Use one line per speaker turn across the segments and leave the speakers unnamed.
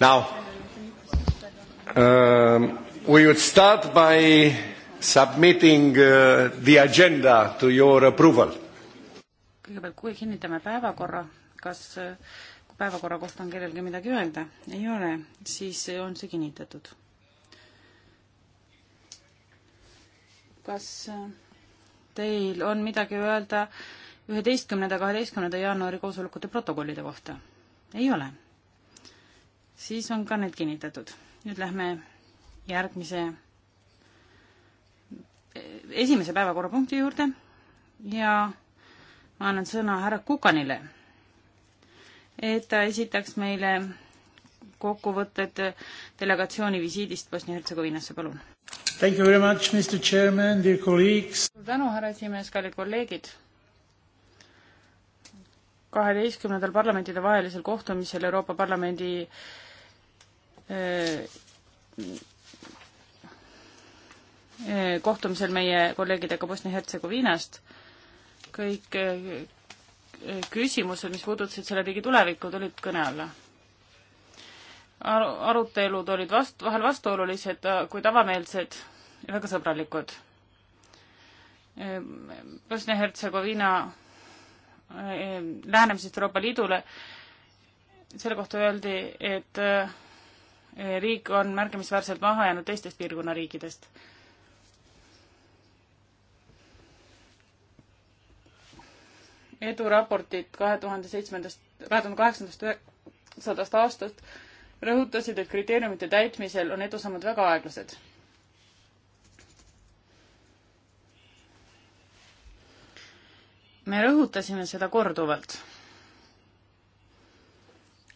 Now, um, we would start by submitting uh,
the agenda to your approval.
kõigepealt, kui kinnitame päevakorra, kas päevakorra kohta on kellelgi midagi öelda? ei ole, siis on see kinnitatud. kas äh, teil on midagi öelda üheteistkümnenda, kaheteistkümnenda jaanuari koosolekute protokollide kohta? ei ole siis on ka need kinnitatud. nüüd lähme järgmise, esimese päevakorrapunkti juurde ja ma annan sõna härra Kukanile, et ta esitaks meile kokkuvõtted delegatsiooni visiidist Bosnia-Hertsegoviinasse, palun.
Thank you very much, Mr Chairman, dear colleagues.
tänu, härra esimees, kallid kolleegid. kaheteistkümnendal parlamentidevahelisel kohtumisel Euroopa Parlamendi Äh, äh, kohtumisel meie kolleegidega Bosnia-Hertsegoviinast kõik äh, küsimused, mis puudutasid selle riigi tulevikku, tulid kõne alla. arutelud olid vast-, vahel vastuolulised, kuid avameelsed ja väga sõbralikud. Bosnia-Hertsegoviina lähenemisest Euroopa Liidule, selle kohta öeldi, et Eh, riik on märkimisväärselt maha jäänud teistest piirkonna riikidest. eduraportid kahe tuhande seitsmendast, kahe tuhande kaheksandast, üheksandast aastast rõhutasid, et kriteeriumite täitmisel on edusammud väga aeglased. me rõhutasime seda korduvalt,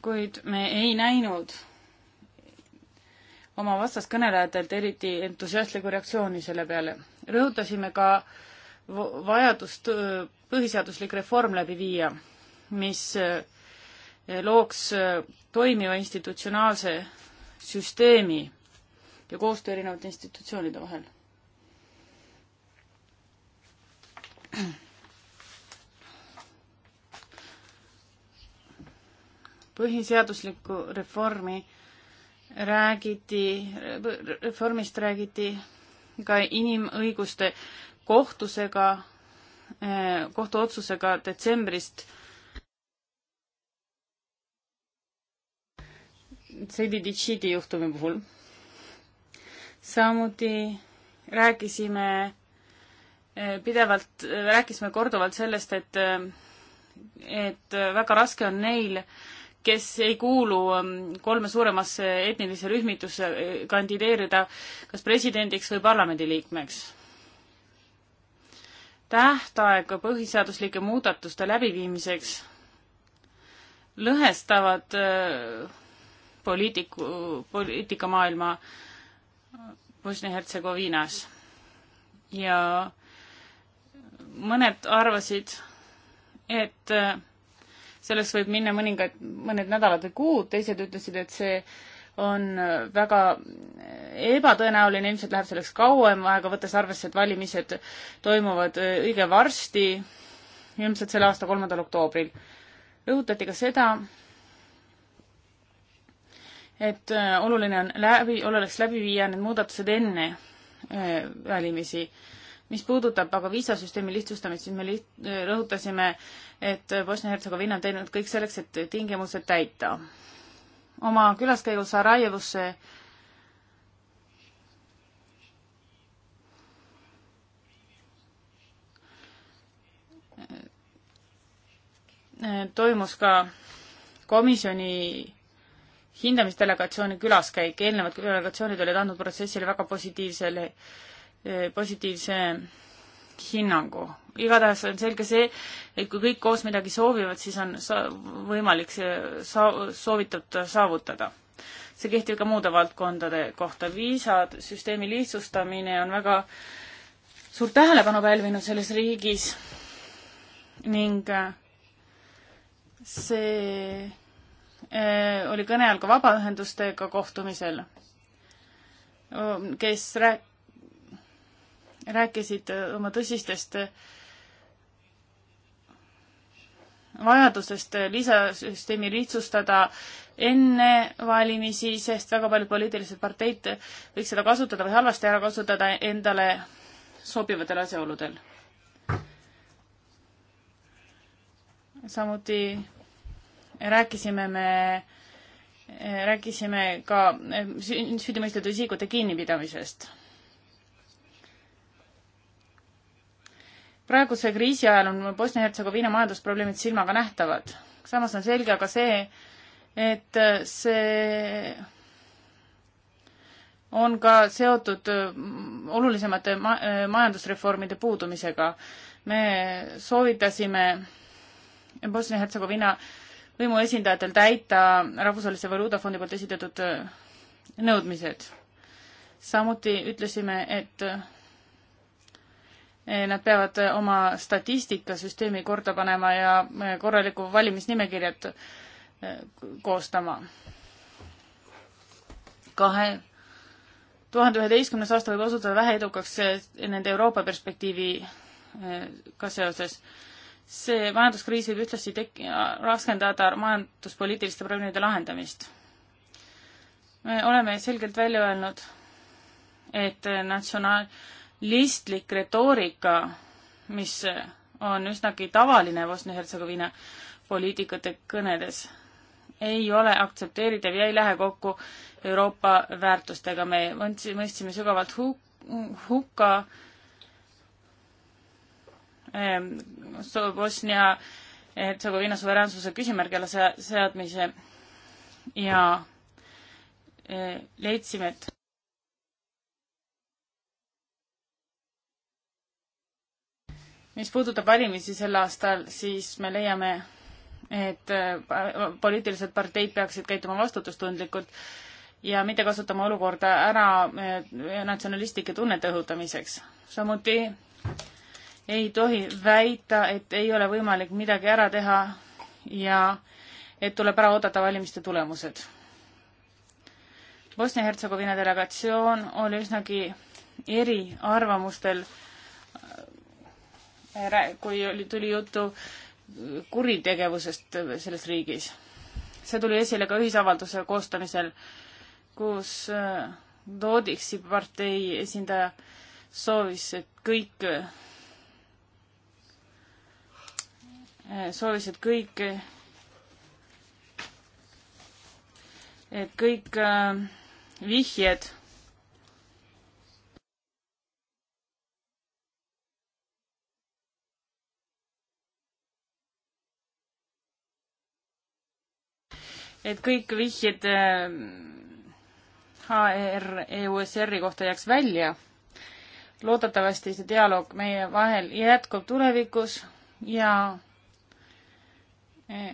kuid me ei näinud oma vastaskõnelejatelt eriti entusiastlikku reaktsiooni selle peale. rõhutasime ka vajadust põhiseaduslik reform läbi viia, mis looks toimiva institutsionaalse süsteemi ja koostöö erinevate institutsioonide vahel. põhiseaduslikku reformi räägiti, reformist räägiti ka inimõiguste kohtusega, eh, kohtuotsusega detsembrist. Seidi Ditšidi juhtumi puhul. samuti rääkisime eh, pidevalt, rääkisime korduvalt sellest, et, eh, et väga raske on neil äh, kes ei kuulu ähm, kolme suuremasse etnilise rühmitusse, äh, kandideerida kas presidendiks või parlamendiliikmeks. tähtaeg põhiseaduslike muudatuste läbiviimiseks lõhestavad äh, poliitiku, poliitikamaailma äh, Bosnia-Hertsegoviinas ja mõned arvasid, et selleks võib minna mõningad, mõned nädalad või kuud, teised ütlesid, et see on väga ebatõenäoline, ilmselt läheb selleks kauem aega, võttes arvesse, et valimised toimuvad äh, õige varsti, ilmselt selle aasta kolmandal oktoobril. rõhutati ka seda, et äh, oluline on läbi, oleks läbi viia need muudatused enne äh, valimisi äh, mis puudutab aga viisasüsteemi lihtsustamist, siis me liht-, rõhutasime, et Bosnia-Hertsegoviina on teinud kõik selleks, et tingimused täita. oma külaskäigul Sarajevosse toimus ka komisjoni hindamisdelegatsiooni külaskäik, eelnevad delegatsioonid olid andnud protsessile väga positiivsele Eh, positiivse hinnangu. igatahes on selge see, et kui kõik koos midagi soovivad, siis on sa-, võimalik see sa-, soovitud saavutada. see kehtib ka muude valdkondade kohta. viisasüsteemi lihtsustamine on väga suurt tähelepanu pälvinud selles riigis ning eh, see eh, oli kõne all ka vabaühendustega kohtumisel, kes rääk-, rääkisid äh, oma tõsistest äh, vajadusest äh, lisasüsteemi lihtsustada enne valimisi, sest väga paljud poliitilised parteid võiks seda kasutada või halvasti ära kasutada endale sobivatel asjaoludel. samuti rääkisime me, rääkisime ka süüdimõistetud isikute kinnipidamisest praeguse kriisi ajal on Bosnia-Hertsegoviina majandusprobleemid silmaga nähtavad. samas on selge aga see, et see on ka seotud olulisemate ma-, majandusreformide puudumisega. me soovitasime Bosnia-Hertsegoviina võimuesindajatel täita Rahvusvahelise Valuutafondi poolt esitatud nõudmised. samuti ütlesime, et Eh, nad peavad eh, oma statistikasüsteemi korda panema ja eh, korraliku valimisnimekirjad koostama. kahe tuhande üheteistkümnes aasta võib osutuda väheedukaks nende Euroopa perspektiiviga seoses. see majanduskriis võib ühtlasi tek-, raskendada majanduspoliitiliste probleemide lahendamist. me oleme selgelt välja öelnud, et natsionaal-, listlik retoorika, mis on üsnagi tavaline Bosnia-Hertsegoviina poliitikute kõnedes, ei ole aktsepteeritav ja ei lähe kokku Euroopa väärtustega. me mõistsime sügavalt hukka ehm, Bosnia-Hertsegoviina suveräänsuse küsimärgi alla seadmise ja eh, leidsime, et mis puudutab valimisi sel aastal, siis me leiame, et äh, poliitilised parteid peaksid käituma vastutustundlikult ja mitte kasutama olukorda ära äh, natsionalistlike tunnete õhutamiseks. samuti ei tohi väita, et ei ole võimalik midagi ära teha ja et tuleb ära oodata valimiste tulemused. Bosnia-Hertsegoviina delegatsioon oli üsnagi eriarvamustel kui oli, tuli juttu kuritegevusest selles riigis. see tuli esile ka ühisavalduse koostamisel, kus Doodiksi äh, partei esindaja soovis, et kõik, äh, soovis, et kõik, et kõik äh, vihjed et kõik vihjed HR-EUSR-i äh, e kohta jääks välja. loodetavasti see dialoog meie vahel jätkub tulevikus ja äh,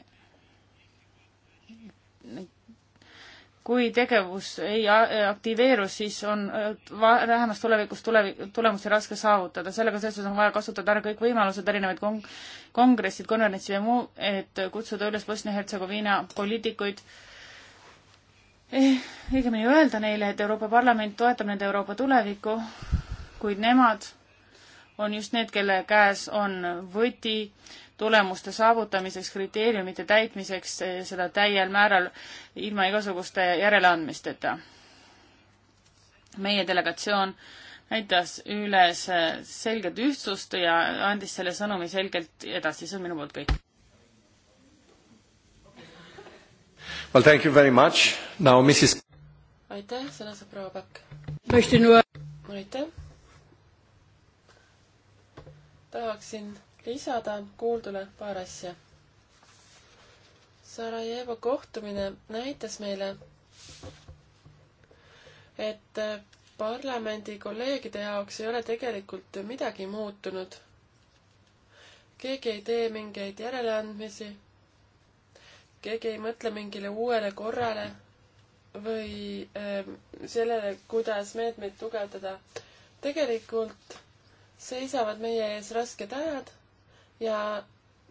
kui tegevus ei äh, aktiveeru, siis on äh, lähemas tulevikus tulevi-, tulemusi raske saavutada. sellega seoses on vaja kasutada ära kõik võimalused, erinevaid kong-, kongressid, konverentsid ja muu, et kutsuda üles Bosnia-Hertsegoviina poliitikuid eh, õigemini öelda neile, et Euroopa Parlament toetab nende Euroopa tulevikku, kuid nemad on just need, kelle käes on võti tulemuste saavutamiseks, kriteeriumite täitmiseks, eh, seda täiel määral ilma igasuguste järeleandmisteta. meie delegatsioon näitas üles eh, selget ühtsust ja andis selle sõnumi selgelt edasi, see on minu poolt kõik.
Well, thank you very much. Now, Mrs.
aitäh, sõna
saab proua Pakk. aitäh. tahaksin lisada kuuldule paar asja. Sarajevo kohtumine näitas meile, et parlamendi kolleegide jaoks ei ole tegelikult midagi muutunud. keegi ei tee mingeid järeleandmisi, keegi ei mõtle mingile uuele korrale või äh, sellele, kuidas meetmeid tugevdada. tegelikult seisavad meie ees rasked ajad ja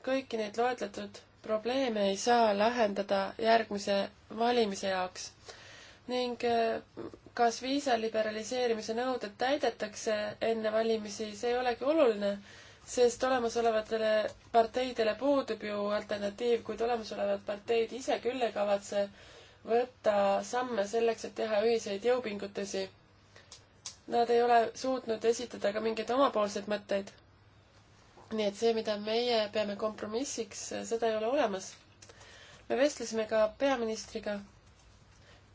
kõiki neid loetletud probleeme ei saa lahendada järgmise valimise jaoks. ning äh, kas viisa liberaliseerimise nõuded täidetakse enne valimisi, see ei olegi oluline, sest olemasolevatele parteidele puudub ju alternatiiv, kuid olemasolevad parteid ise küll ei kavatse võtta samme selleks, et teha ühiseid jõupingutusi. Nad ei ole suutnud esitada ka mingeid omapoolseid mõtteid nii et see, mida meie peame kompromissiks, seda ei ole olemas. me vestlesime ka peaministriga,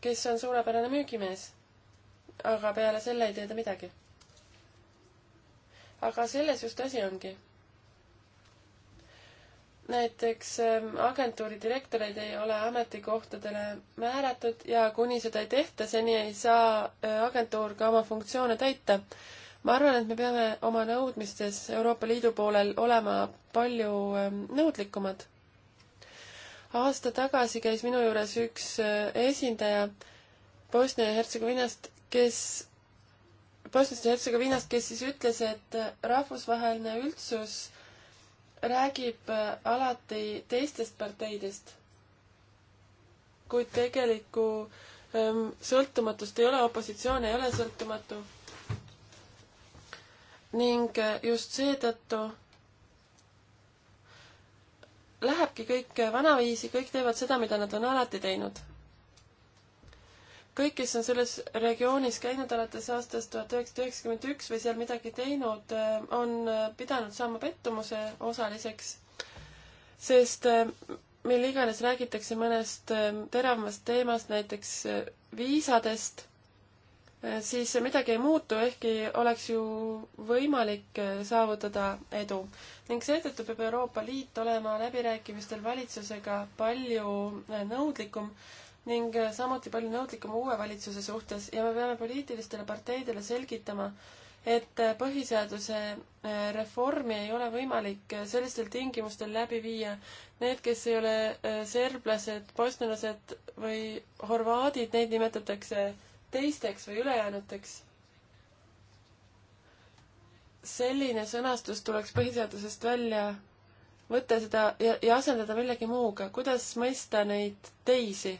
kes on suurepärane müügimees. aga peale selle ei tee ta midagi. aga selles just asi ongi näiteks ähm, agentuuri direktoreid ei ole ametikohtadele määratud ja kuni seda ei tehta, seni ei saa äh, agentuur ka oma funktsioone täita ma arvan, et me peame oma nõudmistes Euroopa Liidu poolel olema palju ähm, nõudlikumad. aasta tagasi käis minu juures üks äh, esindaja Bosnia ja Hertsegoviinast, kes Bosniast ja Hertsegoviinast, kes siis ütles, et äh, rahvusvaheline üldsus räägib äh, alati teistest parteidest, kuid tegelikku ähm, sõltumatust ei ole, opositsioon ei ole sõltumatu ning äh, just seetõttu lähebki kõik vanaviisi, kõik teevad seda, mida nad on alati teinud. kõik, kes on selles regioonis käinud alates aastast tuhat üheksasada üheksakümmend üks või seal midagi teinud, äh, on äh, pidanud saama pettumuse osaliseks, sest mille iganes räägitakse mõnest teravamast teemast, näiteks viisadest Äh, siis midagi ei muutu, ehkki oleks ju võimalik äh, saavutada edu. ning seetõttu peab Euroopa Liit olema läbirääkimistel valitsusega palju äh, nõudlikum ning samuti palju nõudlikum uue valitsuse suhtes ja me peame poliitilistele parteidele selgitama, et põhiseaduse reformi ei ole võimalik sellistel tingimustel läbi viia. Need, kes ei ole serblased, bosnialased või horvaadid, neid nimetatakse teisteks või ülejäänuteks. selline sõnastus tuleks põhiseadusest välja võtta seda ja, ja asendada millegi muuga, kuidas mõista neid teisi.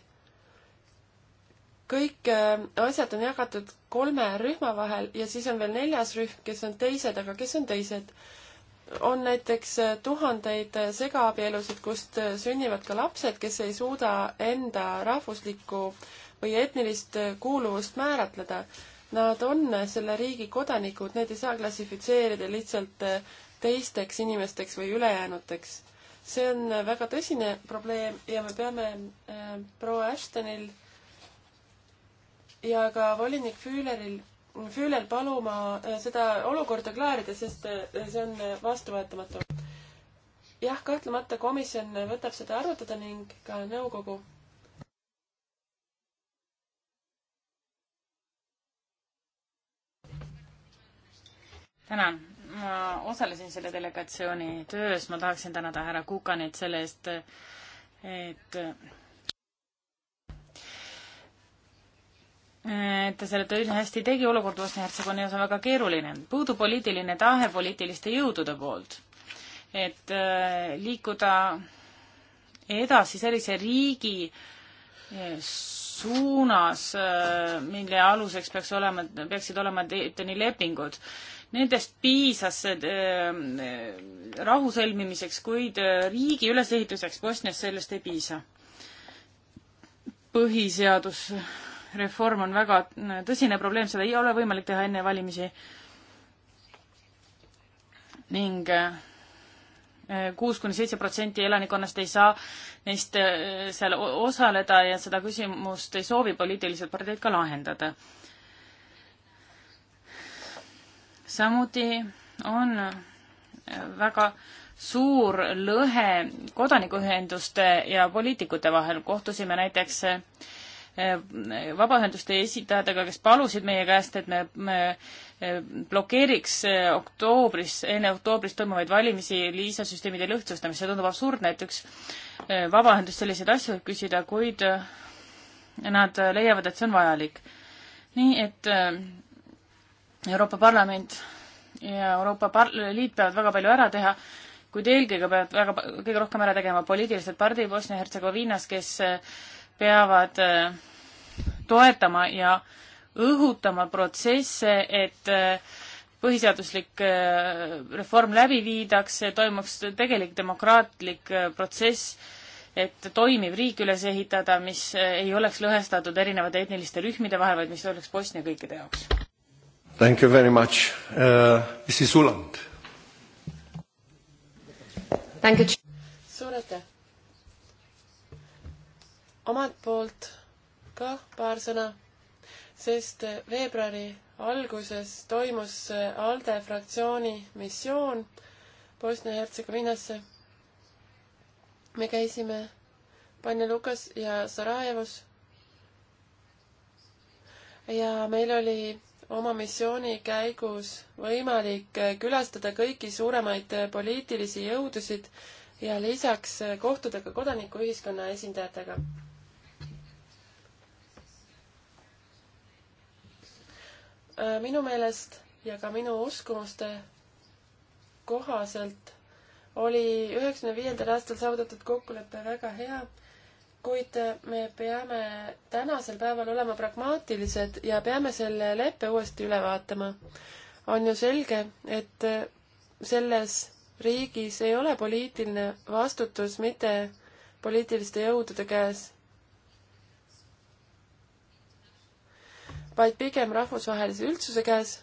kõik äh, asjad on jagatud kolme rühma vahel ja siis on veel neljas rühm, kes on teised, aga kes on teised? on näiteks äh, tuhandeid äh, segaabielusid, kust sünnivad ka lapsed, kes ei suuda enda rahvuslikku äh, või etnilist kuuluvust määratleda. Nad on selle riigi kodanikud, neid ei saa klassifitseerida lihtsalt teisteks inimesteks või ülejäänuteks. see on väga tõsine probleem ja me peame äh, proua Ashtonil ja ka volinik Füüleril Füülel paluma äh, seda olukorda klaarida, sest äh, see on vastuvõetamatu. jah, kahtlemata komisjon võtab seda arutada ning
ka nõukogu tänan, ma osalesin selle delegatsiooni töös, ma tahaksin tänada härra Kukanit selle eest, et et ta selle töö hästi tegi, olukord Bosnia-Hertsegoonias on väga keeruline. puudub poliitiline tahe poliitiliste jõudude poolt, et äh, liikuda edasi sellise riigi äh, suunas, äh, mille aluseks peaks olema, peaksid olema Daytoni lepingud nendest piisas ähm, äh, rahu sõlmimiseks, kuid äh, riigi ülesehituseks Bosnias sellest ei piisa. põhiseadusreform on väga tõsine probleem, seda ei ole võimalik teha enne valimisi. ning äh, kuus kuni seitse protsenti elanikkonnast ei saa neist seal osaleda ja seda küsimust ei soovi poliitilised parteid ka lahendada samuti on väga suur lõhe kodanikuühenduste ja poliitikute vahel. kohtusime näiteks eh, vabaühenduste esindajatega, kes palusid meie käest, et me, me eh, blokeeriks eh, oktoobris, enne oktoobris toimuvaid valimisi liisasüsteemide lõhtsustamist. see tundub absurdne, et üks vabaühendus selliseid asju võib küsida, kuid nad leiavad, et see on vajalik. nii et Euroopa Parlament ja Euroopa par-, Liit peavad väga palju ära teha, kuid eelkõige peavad väga, kõige rohkem ära tegema poliitilised pardid Bosnia-Hertsegoviinas, kes eh, peavad eh, toetama ja õhutama protsesse, et eh, põhiseaduslik reform läbi viidakse, toimuks tegelik demokraatlik protsess, et toimiv riik üles ehitada, mis ei oleks lõhestatud erinevate etniliste rühmide vahel, vaid mis oleks Bosnia kõikide jaoks.
Thank you very much uh,. Mrs Uland.
suur aitäh. omalt poolt ka paar sõna, sest veebruari alguses toimus ALDE fraktsiooni missioon Bosnia-Hertsegoviinasse. me käisime Banja-Lukas ja Sarajevos. ja meil oli oma missiooni käigus võimalik külastada kõiki suuremaid poliitilisi jõudusid ja lisaks kohtuda ka kodanikuühiskonna esindajatega. minu meelest ja ka minu uskumuste kohaselt oli üheksakümne viiendal aastal saavutatud kokkulepe väga hea kuid äh, me peame tänasel päeval olema pragmaatilised ja peame selle leppe uuesti üle vaatama. on ju selge, et äh, selles riigis ei ole poliitiline vastutus mitte poliitiliste jõudude käes, vaid pigem rahvusvahelise üldsuse käes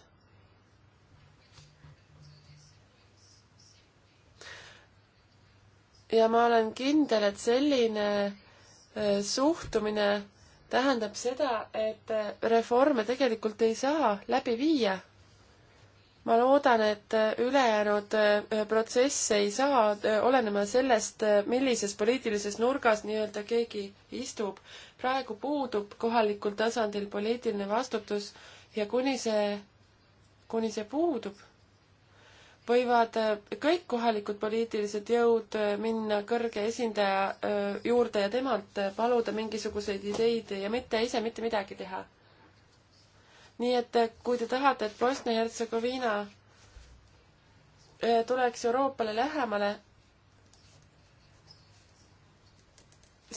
ja ma olen kindel, et selline Äh, suhtumine tähendab seda, et äh, reforme tegelikult ei saa läbi viia. ma loodan, et äh, ülejäänud protsess ei saa olenema sellest, millises poliitilises nurgas nii-öelda keegi istub. praegu puudub kohalikul tasandil poliitiline vastutus ja kuni see, kuni see puudub võivad äh, kõik kohalikud poliitilised jõud äh, minna kõrge esindaja äh, juurde ja temalt paluda mingisuguseid ideid ja mitte ise mitte midagi teha. nii et kui te tahate, et Bosnia-Hertsegoviina tuleks Euroopale lähemale,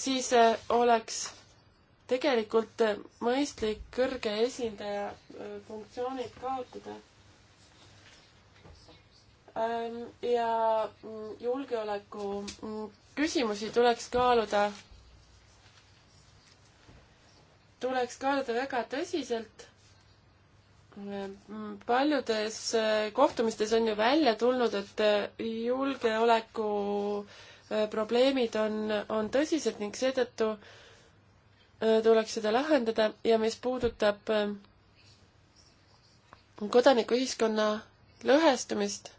siis oleks tegelikult mõistlik kõrge esindaja funktsioonid kaotada Ähm, ja mm, julgeoleku mm, küsimusi tuleks kaaluda, tuleks kaaluda väga tõsiselt äh, mm, paljudes äh, kohtumistes on ju välja tulnud, et äh, julgeoleku probleemid on, on tõsised ning seetõttu tuleks seda lahendada ja mis puudutab kodanikuühiskonna lõhestumist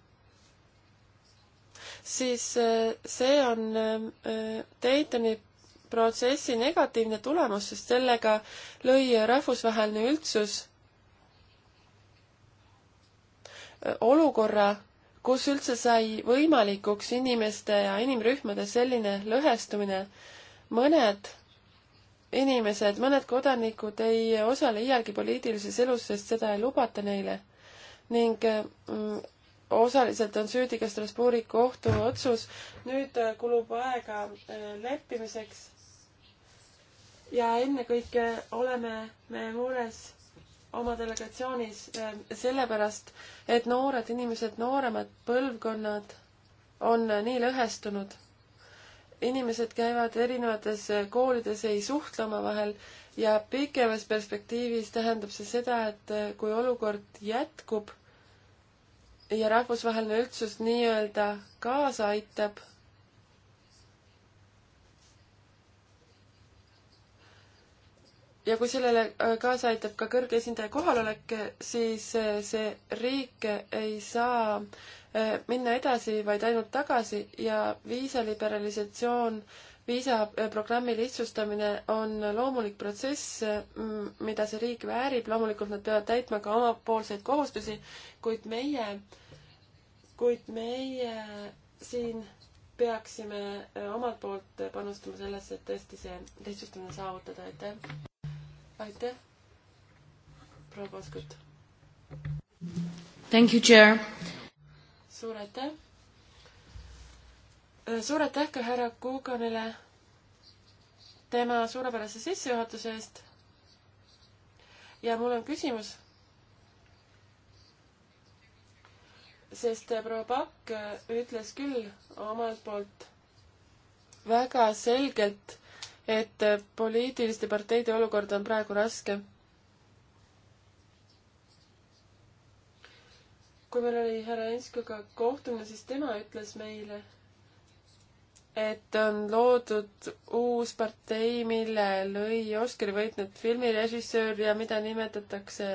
siis äh, see on äh, Daytoni protsessi negatiivne tulemus, sest sellega lõi rahvusvaheline üldsus äh, olukorra, kus üldse sai võimalikuks inimeste ja inimrühmade selline lõhestumine. mõned inimesed, mõned kodanikud ei osale iialgi poliitilises elus, sest seda ei lubata neile. ning osaliselt on süüdi ka Strasbourgi kohtu otsus. nüüd äh, kulub aega äh, leppimiseks. ja ennekõike oleme me mures oma delegatsioonis äh, sellepärast, et noored inimesed, nooremad põlvkonnad on nii lõhestunud. inimesed käivad erinevates koolides, ei suhtle omavahel ja pikemas perspektiivis tähendab see seda, et kui olukord jätkub ja rahvusvaheline üldsus nii-öelda kaasa aitab, ja kui sellele äh, kaasa aitab ka kõrge esindaja kohalolek, siis äh, see riik ei saa äh, minna edasi, vaid ainult tagasi ja viisaliberalisatsioon viisaprogrammi lihtsustamine on loomulik protsess, mida see riik väärib, loomulikult nad peavad täitma ka omapoolseid kohustusi, kuid meie, kuid meie siin peaksime e, omalt poolt panustama sellesse, et tõesti see lihtsustamine saavutada, aitäh. aitäh, proua Poskut.
Thank you, chair.
suur aitäh suur aitäh ka härra Kuukanile tema suurepärase sissejuhatuse eest. ja mul on küsimus. sest proua Pakk ütles küll omalt poolt väga selgelt, et poliitiliste parteide olukord on praegu raske. kui meil oli härra Enskoga kohtumine, siis tema ütles meile et on loodud uus partei, mille lõi Oscari võitnud filmirežissöör ja mida nimetatakse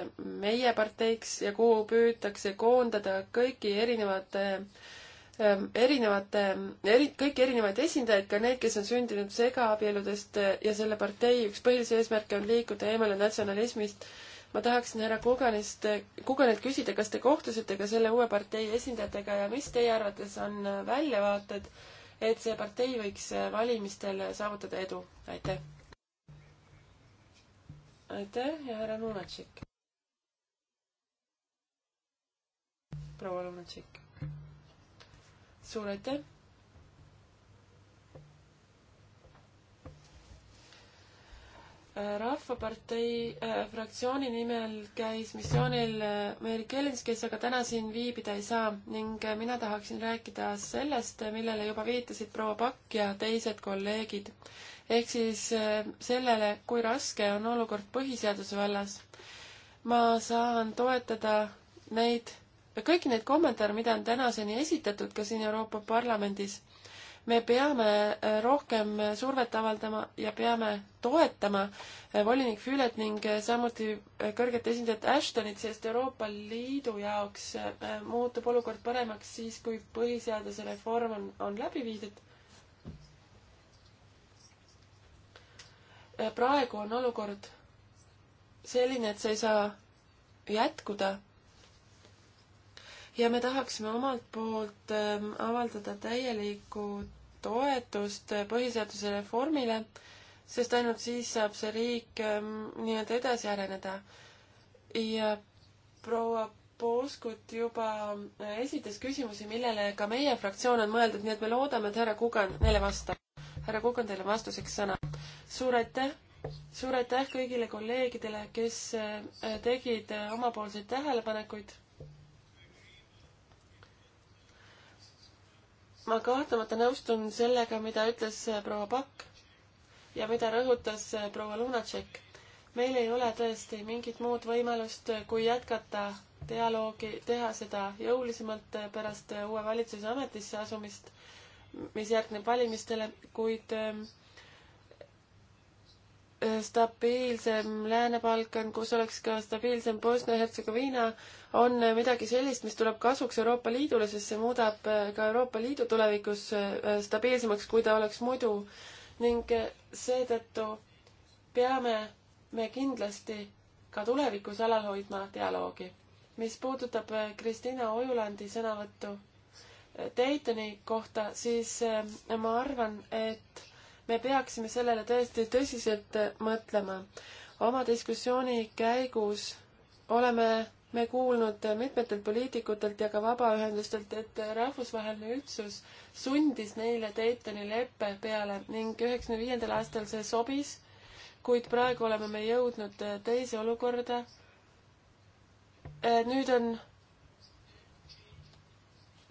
meie parteiks ja kuhu püütakse koondada kõiki erinevate ähm, erinevate, eri, kõiki erinevaid esindajaid, ka neid, kes on sündinud segaabieludest ja selle partei üks põhilisi eesmärke on liikuda eemale natsionalismist. ma tahaksin härra Kuganist, Kuganilt küsida, kas te kohtusite ka selle uue partei esindajatega ja mis teie arvates on väljavaated äh, et see partei võiks äh, valimistel äh, saavutada edu. aitäh! aitäh ja härra Lunatšik. proua Lunatšik. suur aitäh! rahvapartei äh, fraktsiooni nimel käis missioonil äh, Mary Kellins, kes aga täna siin viibida ei saa ning äh, mina tahaksin rääkida sellest, millele juba viitasid proua Pakk ja teised kolleegid. ehk siis sellele, kui raske on olukord põhiseaduse vallas. ma saan toetada neid, kõiki neid kommentaare, mida on tänaseni esitatud ka siin Euroopa Parlamendis me peame äh, rohkem äh, survet avaldama ja peame toetama äh, volinik Füület ning samuti kõrget esindajat Ashtonit, sest Euroopa Liidu jaoks muutub olukord paremaks siis, kui põhiseaduse reform on, on läbi viidud. praegu on olukord selline, et see ei saa jätkuda ja me tahaksime omalt poolt ähm, avaldada täielikku toetust põhiseaduse reformile, sest ainult siis saab see riik ähm, nii-öelda edasi areneda. ja proua Pooskut juba äh, esitas küsimusi, millele ka meie fraktsioon on mõeldud, nii et me loodame, et härra Kugan neile vastab. härra Kugan, teile vastuseks sõna. suur aitäh, suur aitäh kõigile kolleegidele, kes äh, tegid äh, omapoolseid tähelepanekuid ma kahtlemata nõustun sellega, mida ütles äh, proua Pakk ja mida rõhutas äh, proua Lunatšek. meil ei ole tõesti mingit muud võimalust, äh, kui jätkata dialoogi, teha seda jõulisemalt pärast uue valitsuse ametisse asumist, mis järgneb valimistele, kuid ähm, stabiilsem Lääne-Balkan, kus oleks ka stabiilsem Bosnia-Hertsegoviina, on midagi sellist, mis tuleb kasuks Euroopa Liidule, sest see muudab äh, ka Euroopa Liidu tulevikus äh, stabiilsemaks, kui ta oleks muidu. ning äh, seetõttu peame me kindlasti ka tulevikus alal hoidma dialoogi. mis puudutab Kristina Ojulandi sõnavõttu Daytoni kohta, siis ma arvan, et me peaksime sellele tõesti tõsiselt mõtlema. oma diskussiooni käigus oleme me kuulnud mitmetelt poliitikutelt ja ka vabaühendustelt, et rahvusvaheline üldsus sundis neile Daytoni leppe peale ning üheksakümne viiendal aastal see sobis, kuid praegu oleme me jõudnud teise olukorda. Äh, nüüd on,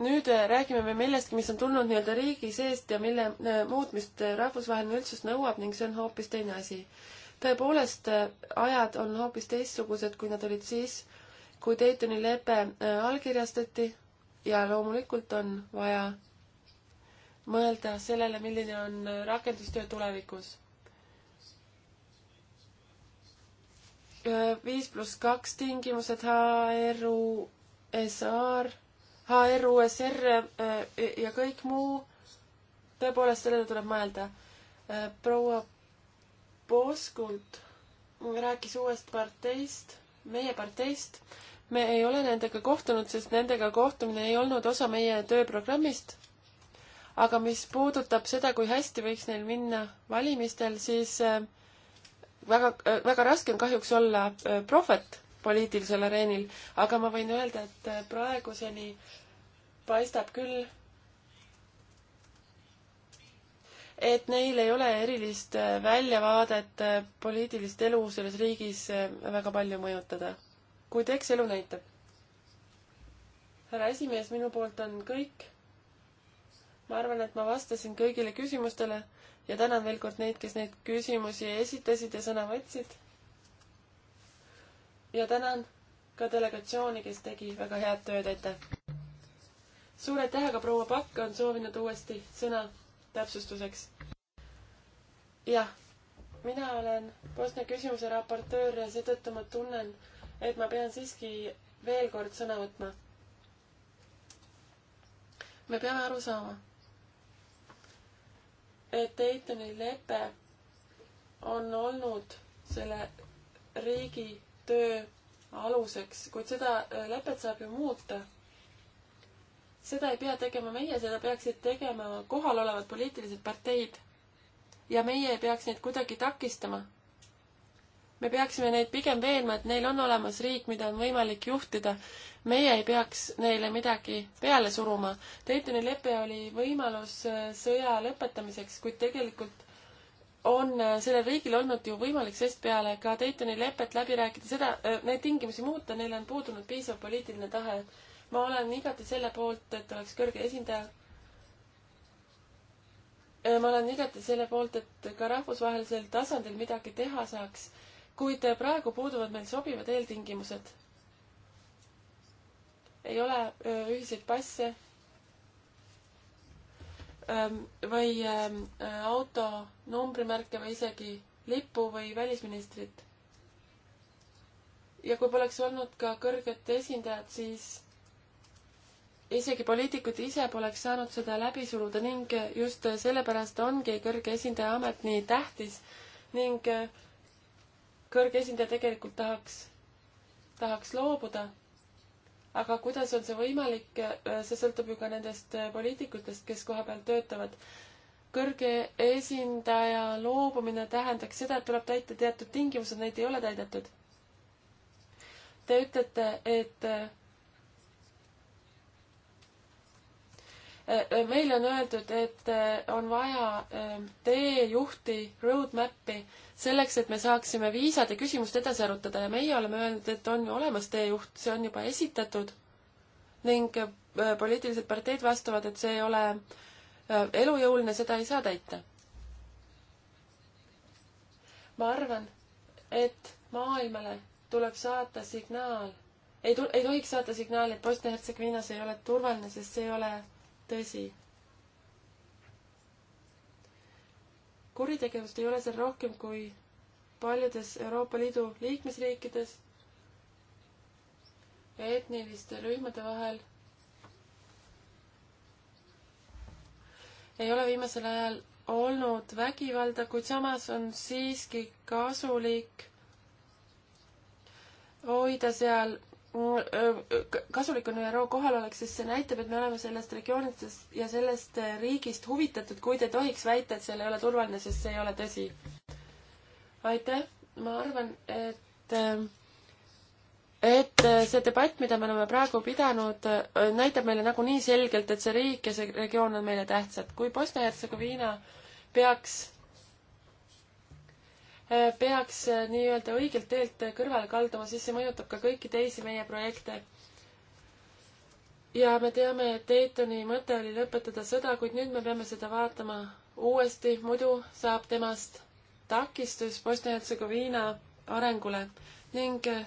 nüüd räägime me millestki, mis on tulnud nii-öelda riigi seest ja mille äh, muutmist rahvusvaheline üldsus nõuab ning see on hoopis teine asi. tõepoolest, äh, ajad on hoopis teistsugused, kui nad olid siis kui Daytoni lepe äh, allkirjastati ja loomulikult on vaja mõelda sellele, milline on äh, rakendustöö tulevikus. Äh, viis pluss kaks tingimused HRU, SR, HRU, SR ja kõik muu. tõepoolest, sellele tuleb mõelda. proua Poskult rääkis uuest parteist meie parteist. me ei ole nendega kohtunud, sest nendega kohtumine ei olnud osa meie tööprogrammist. aga mis puudutab seda, kui hästi võiks neil minna valimistel, siis äh, väga, äh, väga raske on kahjuks olla äh, prohvet poliitilisel areenil, aga ma võin öelda, et praeguseni paistab küll et neil ei ole erilist äh, väljavaadet äh, poliitilist elu selles riigis äh, väga palju mõjutada. kuid eks elu näitab. härra esimees, minu poolt on kõik. ma arvan, et ma vastasin kõigile küsimustele ja tänan veel kord neid, kes neid küsimusi esitasid ja sõna võtsid. ja tänan ka delegatsiooni, kes tegi väga head tööd, aitäh! suur aitäh, aga proua Pakk on soovinud uuesti sõna täpsustuseks. jah, mina olen Bosnia küsimuse raportöör ja seetõttu ma tunnen, et ma pean siiski veel kord sõna võtma. me peame aru saama, et Daytoni lepe on olnud selle riigi töö aluseks, kuid seda lepet saab ju muuta seda ei pea tegema meie, seda peaksid tegema kohal olevad poliitilised parteid. ja meie ei peaks neid kuidagi takistama. me peaksime neid pigem veenma, et neil on olemas riik, mida on võimalik juhtida. meie ei peaks neile midagi peale suruma. Daytoni lepe oli võimalus äh, sõja lõpetamiseks, kuid tegelikult on äh, sellel riigil olnud ju võimalik sestpeale ka Daytoni lepet läbi rääkida, seda, äh, neid tingimusi muuta, neil on puudunud piisav poliitiline tahe ma olen igati selle poolt, et oleks kõrge esindaja. Äh, ma olen igati selle poolt, et ka rahvusvahelisel tasandil midagi teha saaks, kuid praegu puuduvad meil sobivad eeltingimused. ei ole äh, ühiseid passe ähm, või ähm, äh, auto numbrimärke või isegi lipu või välisministrit. ja kui poleks olnud ka kõrget esindajat, siis isegi poliitikud ise poleks saanud seda läbi suruda ning just sellepärast ongi kõrge esindaja amet nii tähtis ning kõrge esindaja tegelikult tahaks, tahaks loobuda. aga kuidas on see võimalik, see sõltub ju ka nendest poliitikutest, kes koha peal töötavad. kõrge esindaja loobumine tähendaks seda, et tuleb täita teatud tingimused, neid ei ole täidetud. Te ütlete, et Äh, meile on öeldud, et äh, on vaja ähm, teejuhti, roadmap'i, selleks, et me saaksime viisade küsimust edasi arutada ja meie oleme öelnud, et on ju olemas teejuht, see on juba esitatud ning äh, poliitilised parteid vastavad, et see ei ole elujõuline, seda ei saa täita. ma arvan, et maailmale tuleb saata signaal ei tu-, ei tohiks saata signaali, et Bosnia-Hertsegoviinas ei ole turvaline, sest see ei ole tõsi. kuritegevust ei ole seal rohkem kui paljudes Euroopa Liidu liikmesriikides ja etniliste rühmade vahel ei ole viimasel ajal olnud vägivalda, kuid samas on siiski kasulik hoida seal kasulik on ÜRO kohalolek, sest see näitab, et me oleme sellest regioonist ja sellest äh, riigist huvitatud, kuid ei tohiks väita, et seal ei ole turvaline, sest see ei ole tõsi. aitäh, ma arvan, et äh, et äh, see debatt, mida me oleme praegu pidanud, näitab meile nagunii selgelt, et see riik ja see regioon on meile tähtsad. kui Bosnia-Hertsegoviina peaks peaks nii-öelda õigelt teelt kõrvale kalduma, siis see mõjutab ka kõiki teisi meie projekte. ja me teame, et Daytoni mõte oli lõpetada sõda, kuid nüüd me peame seda vaatama uuesti, muidu saab temast takistus Bosnia-Hertsegoviina arengule ning eh,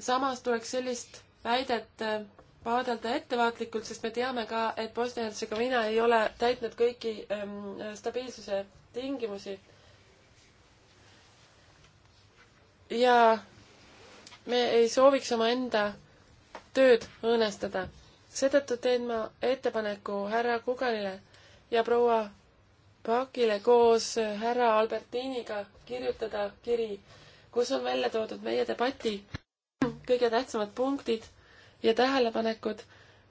samas tuleks sellist väidet eh, vaadelda ettevaatlikult, sest me teame ka, et Bosnia-Hertsegoviina ei ole täitnud kõiki ähm, stabiilsuse tingimusi ja me ei sooviks omaenda tööd õõnestada. seetõttu teen ma ettepaneku härra Kuganile ja proua Pakile koos härra Albertiniga kirjutada kiri, kus on välja toodud meie debati kõige tähtsamad punktid ja tähelepanekud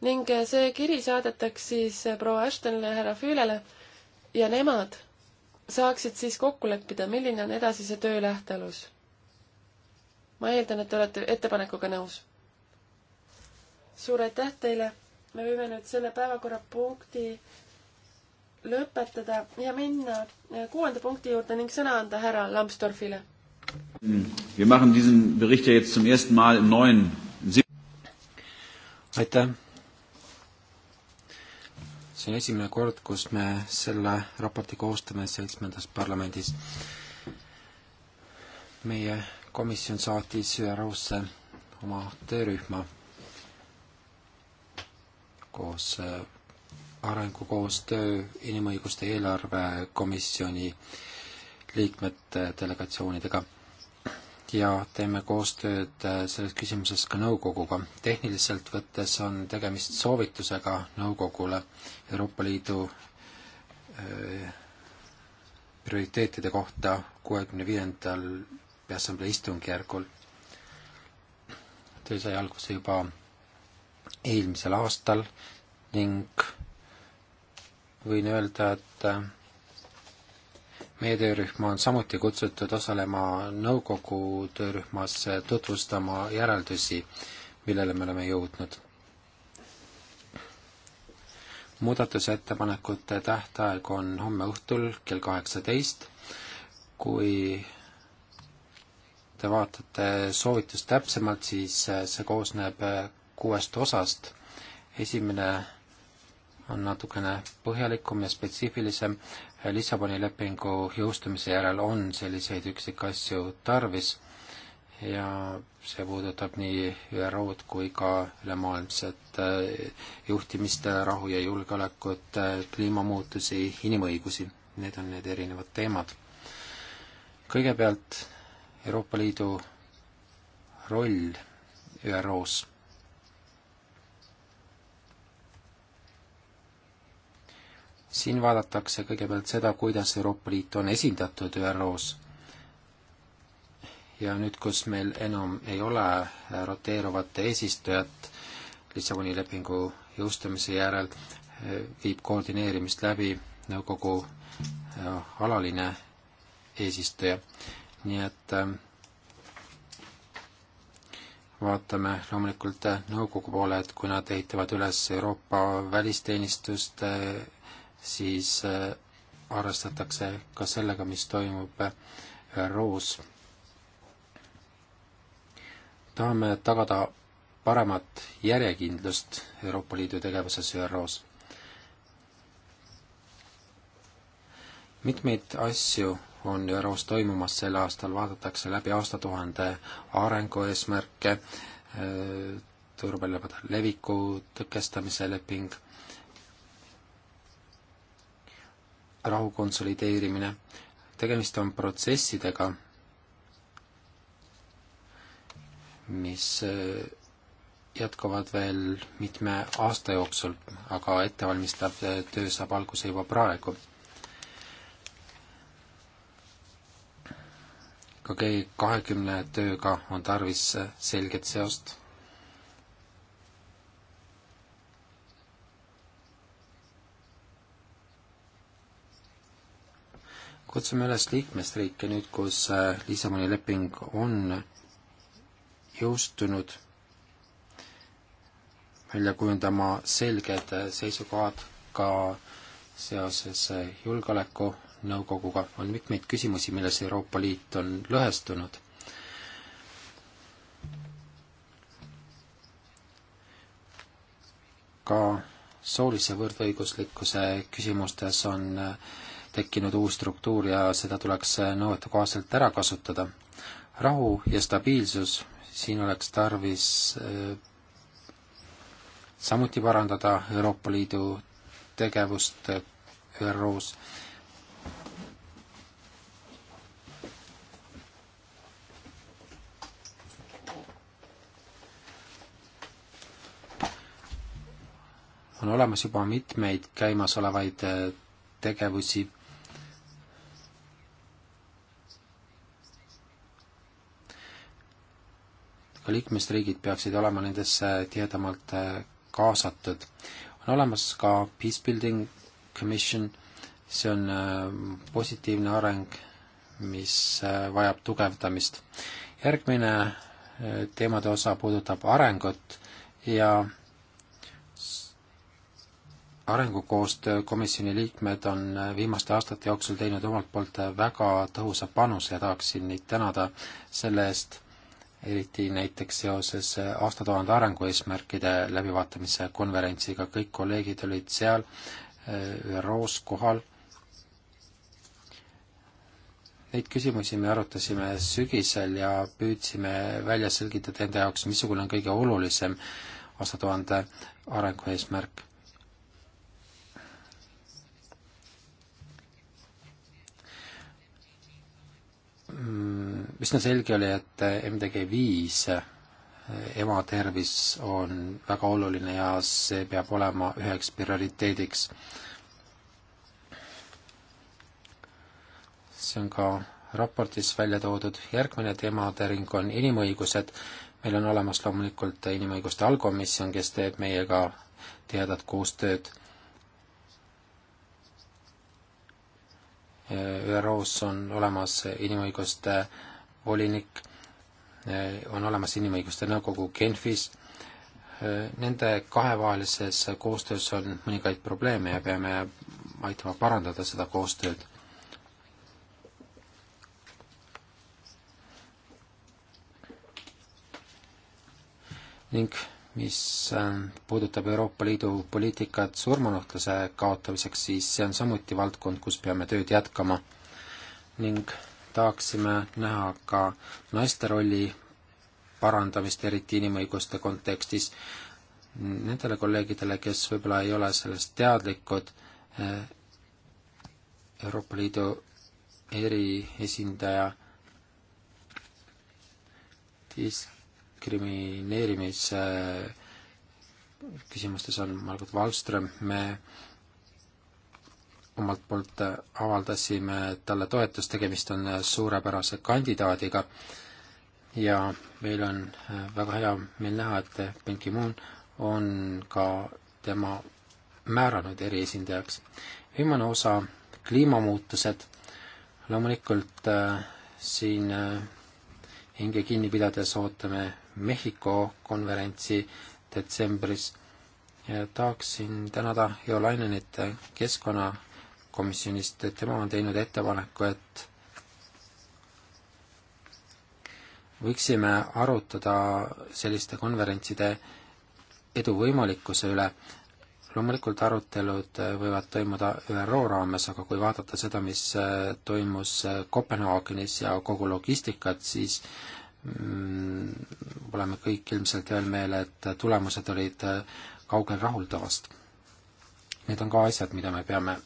ning see kiri saadetaks siis proua Ashtonile ja härra Füülele ja nemad saaksid siis kokku leppida, milline on edasise töö lähtealus ma eeldan, et te olete ettepanekuga nõus. suur aitäh teile. me võime nüüd selle päevakorrapunkti lõpetada ja minna kuuenda punkti juurde ning sõna anda härra Lambsdorffile.
aitäh. see on esimene kord, kus me selle raporti koostame seitsmendas parlamendis. meie komisjon saatis ÜRO-sse oma töörühma koos äh, arengukoostöö inimõiguste eelarvekomisjoni liikmete delegatsioonidega ja teeme koostööd äh, selles küsimuses ka nõukoguga. tehniliselt võttes on tegemist soovitusega nõukogule Euroopa Liidu äh, prioriteetide kohta kuuekümne viiendal Peaassamblee istungjärgul. töö sai alguse juba eelmisel aastal ning võin öelda, et meie töörühma on samuti kutsutud osalema nõukogu töörühmas tutvustama järeldusi, millele me oleme jõudnud. muudatusettepanekute tähtaeg on homme õhtul kell kaheksateist, kui te vaatate soovitust täpsemalt, siis äh, see koosneb äh, kuuest osast. esimene on natukene põhjalikum ja spetsiifilisem, äh, Lissaboni lepingu jõustumise järel on selliseid üksikasju tarvis ja see puudutab nii ÜRO-d kui ka ülemaailmset juhtimist, rahu ja julgeolekut, kliimamuutusi, inimõigusi. Need on need erinevad teemad. kõigepealt Euroopa Liidu roll ÜRO-s. siin vaadatakse kõigepealt seda, kuidas Euroopa Liit on esindatud ÜRO-s. ja nüüd, kus meil enam ei ole roteeruvat eesistujat Lissaboni lepingu jõustumise järel, viib koordineerimist läbi nõukogu äh, alaline eesistuja nii et ähm, vaatame loomulikult äh, nõukogu poole, et kui nad ehitavad üles Euroopa välisteenistust, siis äh, arvestatakse ka sellega, mis toimub äh, ÜRO-s. tahame tagada paremat järjekindlust Euroopa Liidu tegevuses ÜRO-s. mitmeid asju on ÜRO-s toimumas sel aastal, vaadatakse läbi aastatuhande arengueesmärke, turbelebade leviku tõkestamise leping, rahu konsolideerimine, tegemist on protsessidega, mis eh, jätkuvad veel mitme aasta jooksul, aga ettevalmistav eh, töö saab alguse juba praegu ka G kahekümne tööga on tarvis selget seost. kutsume üles liikmesriike nüüd, kus äh, Lissaboni leping on jõustunud, välja kujundama selged äh, seisukohad ka seoses äh, julgeoleku nõukoguga, on mitmeid küsimusi, milles Euroopa Liit on lõhestunud. ka soolise võrdõiguslikkuse küsimustes on äh, tekkinud uus struktuur ja seda tuleks äh, nõuete kohaselt ära kasutada. rahu ja stabiilsus, siin oleks tarvis äh, samuti parandada Euroopa Liidu tegevust ÜRO-s on olemas juba mitmeid käimasolevaid äh, tegevusi. ka liikmesriigid peaksid olema nendesse tihedamalt äh, kaasatud. on olemas ka Peace Building Commission, see on äh, positiivne areng, mis vajab tugevdamist. järgmine teemade osa puudutab arengut ja arengukoostöö komisjoni liikmed on äh, viimaste aastate jooksul teinud omalt poolt äh, väga tõhusa panuse ja tahaksin neid tänada selle eest, eriti näiteks seoses äh, aastatuhande arengueesmärkide läbivaatamise konverentsiga, kõik kolleegid olid seal ÜRO-s kohal. Neid küsimusi me arutasime sügisel ja püüdsime välja selgitada enda jaoks, missugune on kõige olulisem aastatuhande arengueesmärk Mm, üsna selge oli, et äh, MDG viis äh, ema tervis on väga oluline ja see peab olema üheks prioriteediks. see on ka raportis välja toodud, järgmine teematering on inimõigused, meil on olemas loomulikult inimõiguste allkomisjon, kes teeb meiega tihedat koostööd ÜRO-s on olemas inimõiguste volinik, on olemas Inimõiguste Nõukogu Genfis, nende kahevahelises koostöös on mõningaid probleeme ja peame aitama parandada seda koostööd. ning mis äh, puudutab Euroopa Liidu poliitikat surmanuhtluse kaotamiseks, siis see on samuti valdkond, kus peame tööd jätkama. ning tahaksime näha ka naiste rolli parandamist, eriti inimõiguste kontekstis. Nendele kolleegidele, kes võib-olla ei ole sellest teadlikud, äh, Euroopa Liidu eriesindaja Tiis diskrimineerimise küsimustes on Margot Wallström, me omalt poolt avaldasime talle toetust, tegemist on suurepärase kandidaadiga ja meil on väga hea meel näha, et Ben Ki-moon on ka tema määranud eriesindajaks. viimane osa, kliimamuutused, loomulikult äh, siin äh, hinge kinni pidades ootame Mehhiko konverentsi detsembris. tahaksin tänada Jo Lainenit keskkonnakomisjonist, tema on teinud ettepaneku, et võiksime arutada selliste konverentside edu võimalikkuse üle loomulikult arutelud äh, võivad toimuda ÜRO raames, aga kui vaadata seda, mis äh, toimus äh, Kopenhaagenis ja kogu logistikat, siis mm, oleme kõik ilmselt ühel meelel, et tulemused olid kaugel rahuldavast. Need on ka asjad, mida me peame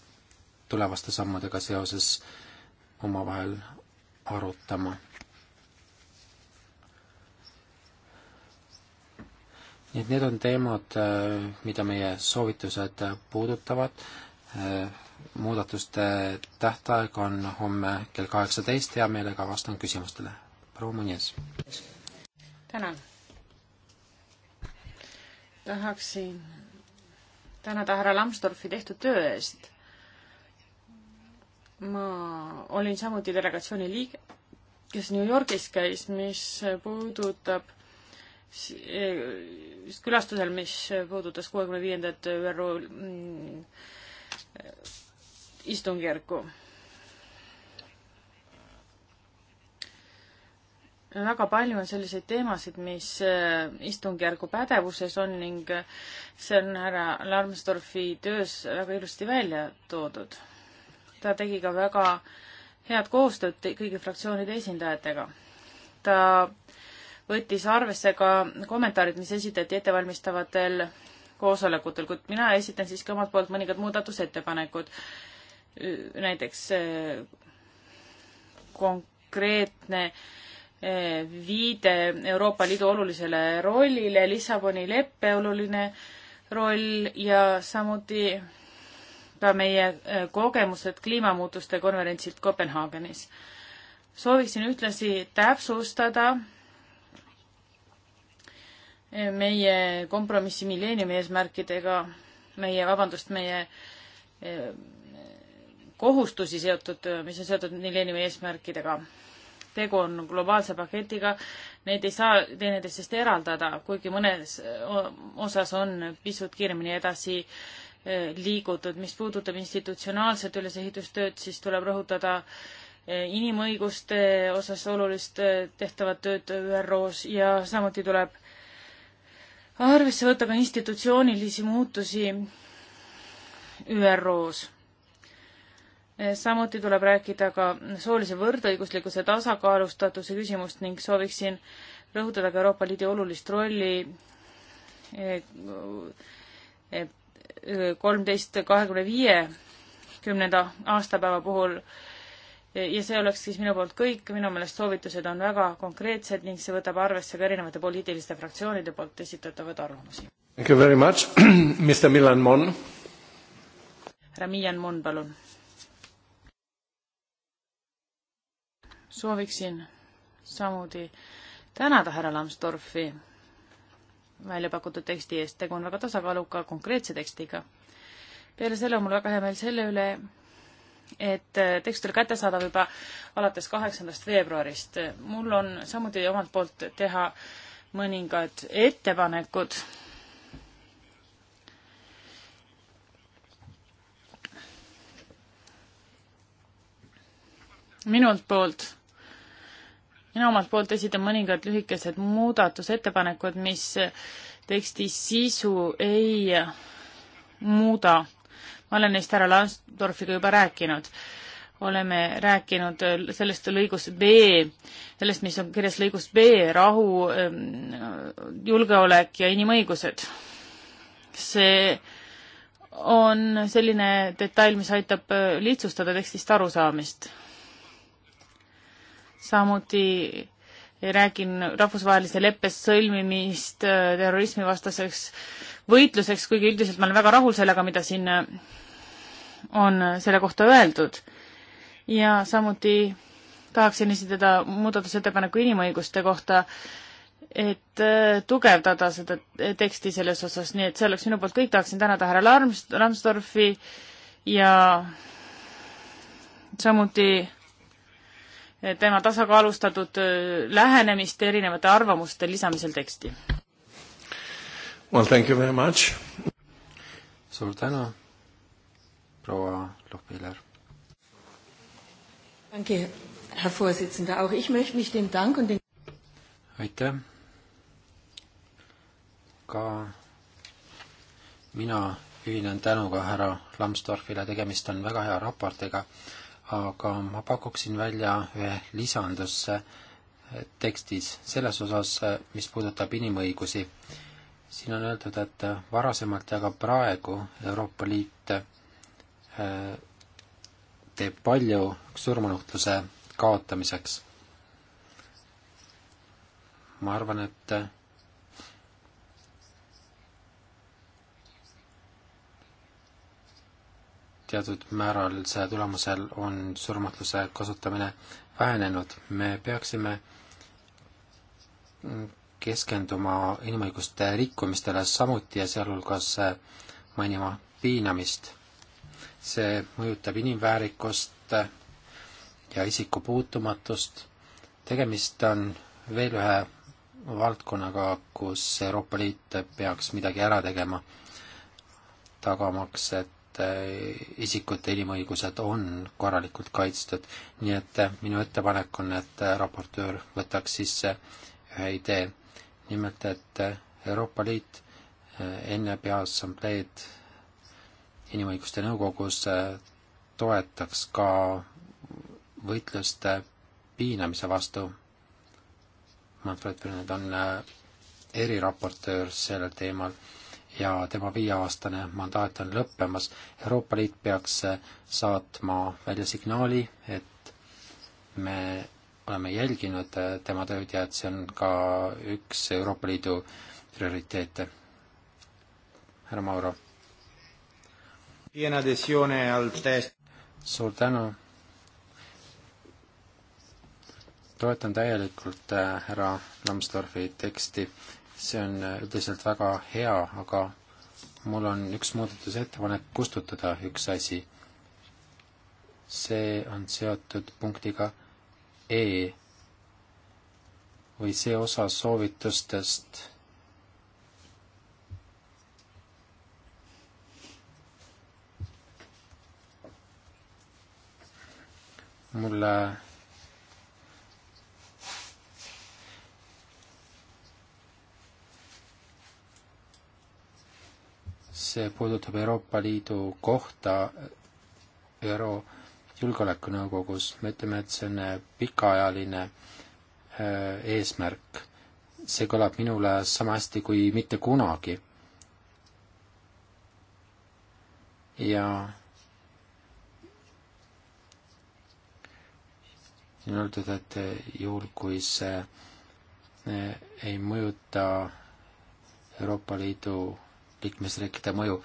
tulevaste sammudega seoses omavahel arutama nii et need on teemad, äh, mida meie soovitused puudutavad, äh, muudatuste tähtaeg on homme kell kaheksateist, hea meelega vastan küsimustele. proua Munjes.
tänan. tahaksin tänada härra Lambsdorfi tehtud töö eest. ma olin samuti delegatsiooni liige, kes New Yorgis käis, mis puudutab külastusel, mis puudutas kuuekümne viiendat ÜRO mm, istungjärku. väga palju on selliseid teemasid, mis äh, istungjärgu pädevuses on ning äh, see on härra Larmsdorfi töös väga ilusti välja toodud. ta tegi ka väga head koostööd kõigi fraktsioonide esindajatega. ta võttis arvesse ka kommentaarid, mis esitati ettevalmistavatel koosolekutel, kuid mina esitan siiski omalt poolt mõningad muudatusettepanekud. näiteks eh, konkreetne eh, viide Euroopa Liidu olulisele rollile, Lissaboni leppe oluline roll ja samuti ka meie eh, kogemused kliimamuutuste konverentsilt Kopenhaagenis. sooviksin ühtlasi täpsustada meie kompromissi milleeniumi eesmärkidega, meie, vabandust, meie e, kohustusi seotud, mis on seotud milleeniumi eesmärkidega. tegu on globaalse paketiga, neid ei saa teineteisest eraldada, kuigi mõnes osas on pisut kiiremini edasi e, liigutud. mis puudutab institutsionaalset ülesehitustööd, siis tuleb rõhutada e, inimõiguste osas olulist tehtavat tööd ÜRO-s ja samuti tuleb arvesse võtta ka institutsioonilisi muutusi ÜRO-s. samuti tuleb rääkida ka soolise võrdõiguslikkuse tasakaalustatuse küsimust ning sooviksin rõhutada ka Euroopa Liidu olulist rolli eh, kolmteist kahekümne viie kümnenda aastapäeva puhul ja see oleks siis minu poolt kõik, minu meelest soovitused on väga konkreetsed ning see võtab arvesse ka erinevate poliitiliste fraktsioonide poolt esitatavaid arvamusi.
Thank you very much, Mr Milan Mon.
härra Milan Mon, palun. sooviksin samuti tänada härra Lambsdorfi välja pakutud teksti eest, tegu on väga tasakaaluka konkreetse tekstiga. peale selle on mul väga hea meel selle üle, et äh, tekst oli kättesaadav juba alates kaheksandast veebruarist. mul on samuti omalt poolt teha mõningad ettepanekud minult poolt, mina omalt poolt esitan mõningad lühikesed muudatusettepanekud, mis teksti sisu ei muuda ma olen neist härra Lansdorfiga juba rääkinud. oleme rääkinud sellest lõigust B, sellest, mis on kirjas lõigus B, rahu, julgeolek ja inimõigused. see on selline detail, mis aitab lihtsustada tekstist arusaamist. samuti räägin rahvusvahelise leppe sõlmimist terrorismivastaseks võitluseks, kuigi üldiselt ma olen väga rahul sellega, mida siin äh, on äh, selle kohta öeldud. ja samuti tahaksin esitada muudatusettepaneku inimõiguste kohta, et äh, tugevdada seda teksti selles osas, nii et see oleks minu poolt kõik, tahaksin tänada härra Larms, Lambsdorfi ja samuti tema tasakaalustatud lähenemist erinevate arvamuste lisamisel teksti.
Well, thank you very much. suur tänu, proua Lohpiler. Danke, Herr
Vorsitzender. Auch ich möchte mich dem Dank und den
aitäh. ka mina ühinen tänuga härra Lambsdorffile, tegemist on väga hea raportiga, aga ma pakuksin välja ühe lisandusse tekstis selles osas, mis puudutab inimõigusi siin on öeldud, et varasemalt ja ka praegu Euroopa Liit äh, teeb palju surmanuhtluse kaotamiseks. ma arvan, et äh, teatud määral selle tulemusel on surmatluse kasutamine vähenenud. me peaksime mm, keskenduma inimõiguste rikkumistele samuti ja sealhulgas äh, mainima piinamist. see mõjutab inimväärikust äh, ja isiku puutumatust. tegemist on veel ühe valdkonnaga, kus Euroopa Liit peaks midagi ära tegema, tagamaks, et äh, isikute inimõigused on korralikult kaitstud. nii et minu ettepanek on, et raportöör võtaks sisse ühe idee nimelt, et Euroopa Liit eh, enne peaassambleed inimõiguste nõukogus eh, toetaks ka võitluste piinamise vastu. Manfred Brünned on eh, eriraportöör sellel teemal ja tema viieaastane mandaat on lõppemas. Euroopa Liit peaks saatma välja signaali, et me oleme jälginud äh, tema tööd ja et see on ka üks Euroopa Liidu prioriteete. härra Mauro. suur tänu. toetan täielikult äh, härra Lambsdorfi teksti, see on äh, üldiselt väga hea, aga mul on üks muudatusettepanek kustutada üks asi. see on seotud punktiga E või see osa soovitustest, mulle see puudutab Euroopa Liidu kohta ÜRO Euro Julgeolekunõukogus, me ütleme, et see on äh, pikaajaline äh, eesmärk. see kõlab minule sama hästi kui mitte kunagi. ja siin on öeldud, et äh, juhul, kui see ei mõjuta Euroopa Liidu liikmesriikide mõju,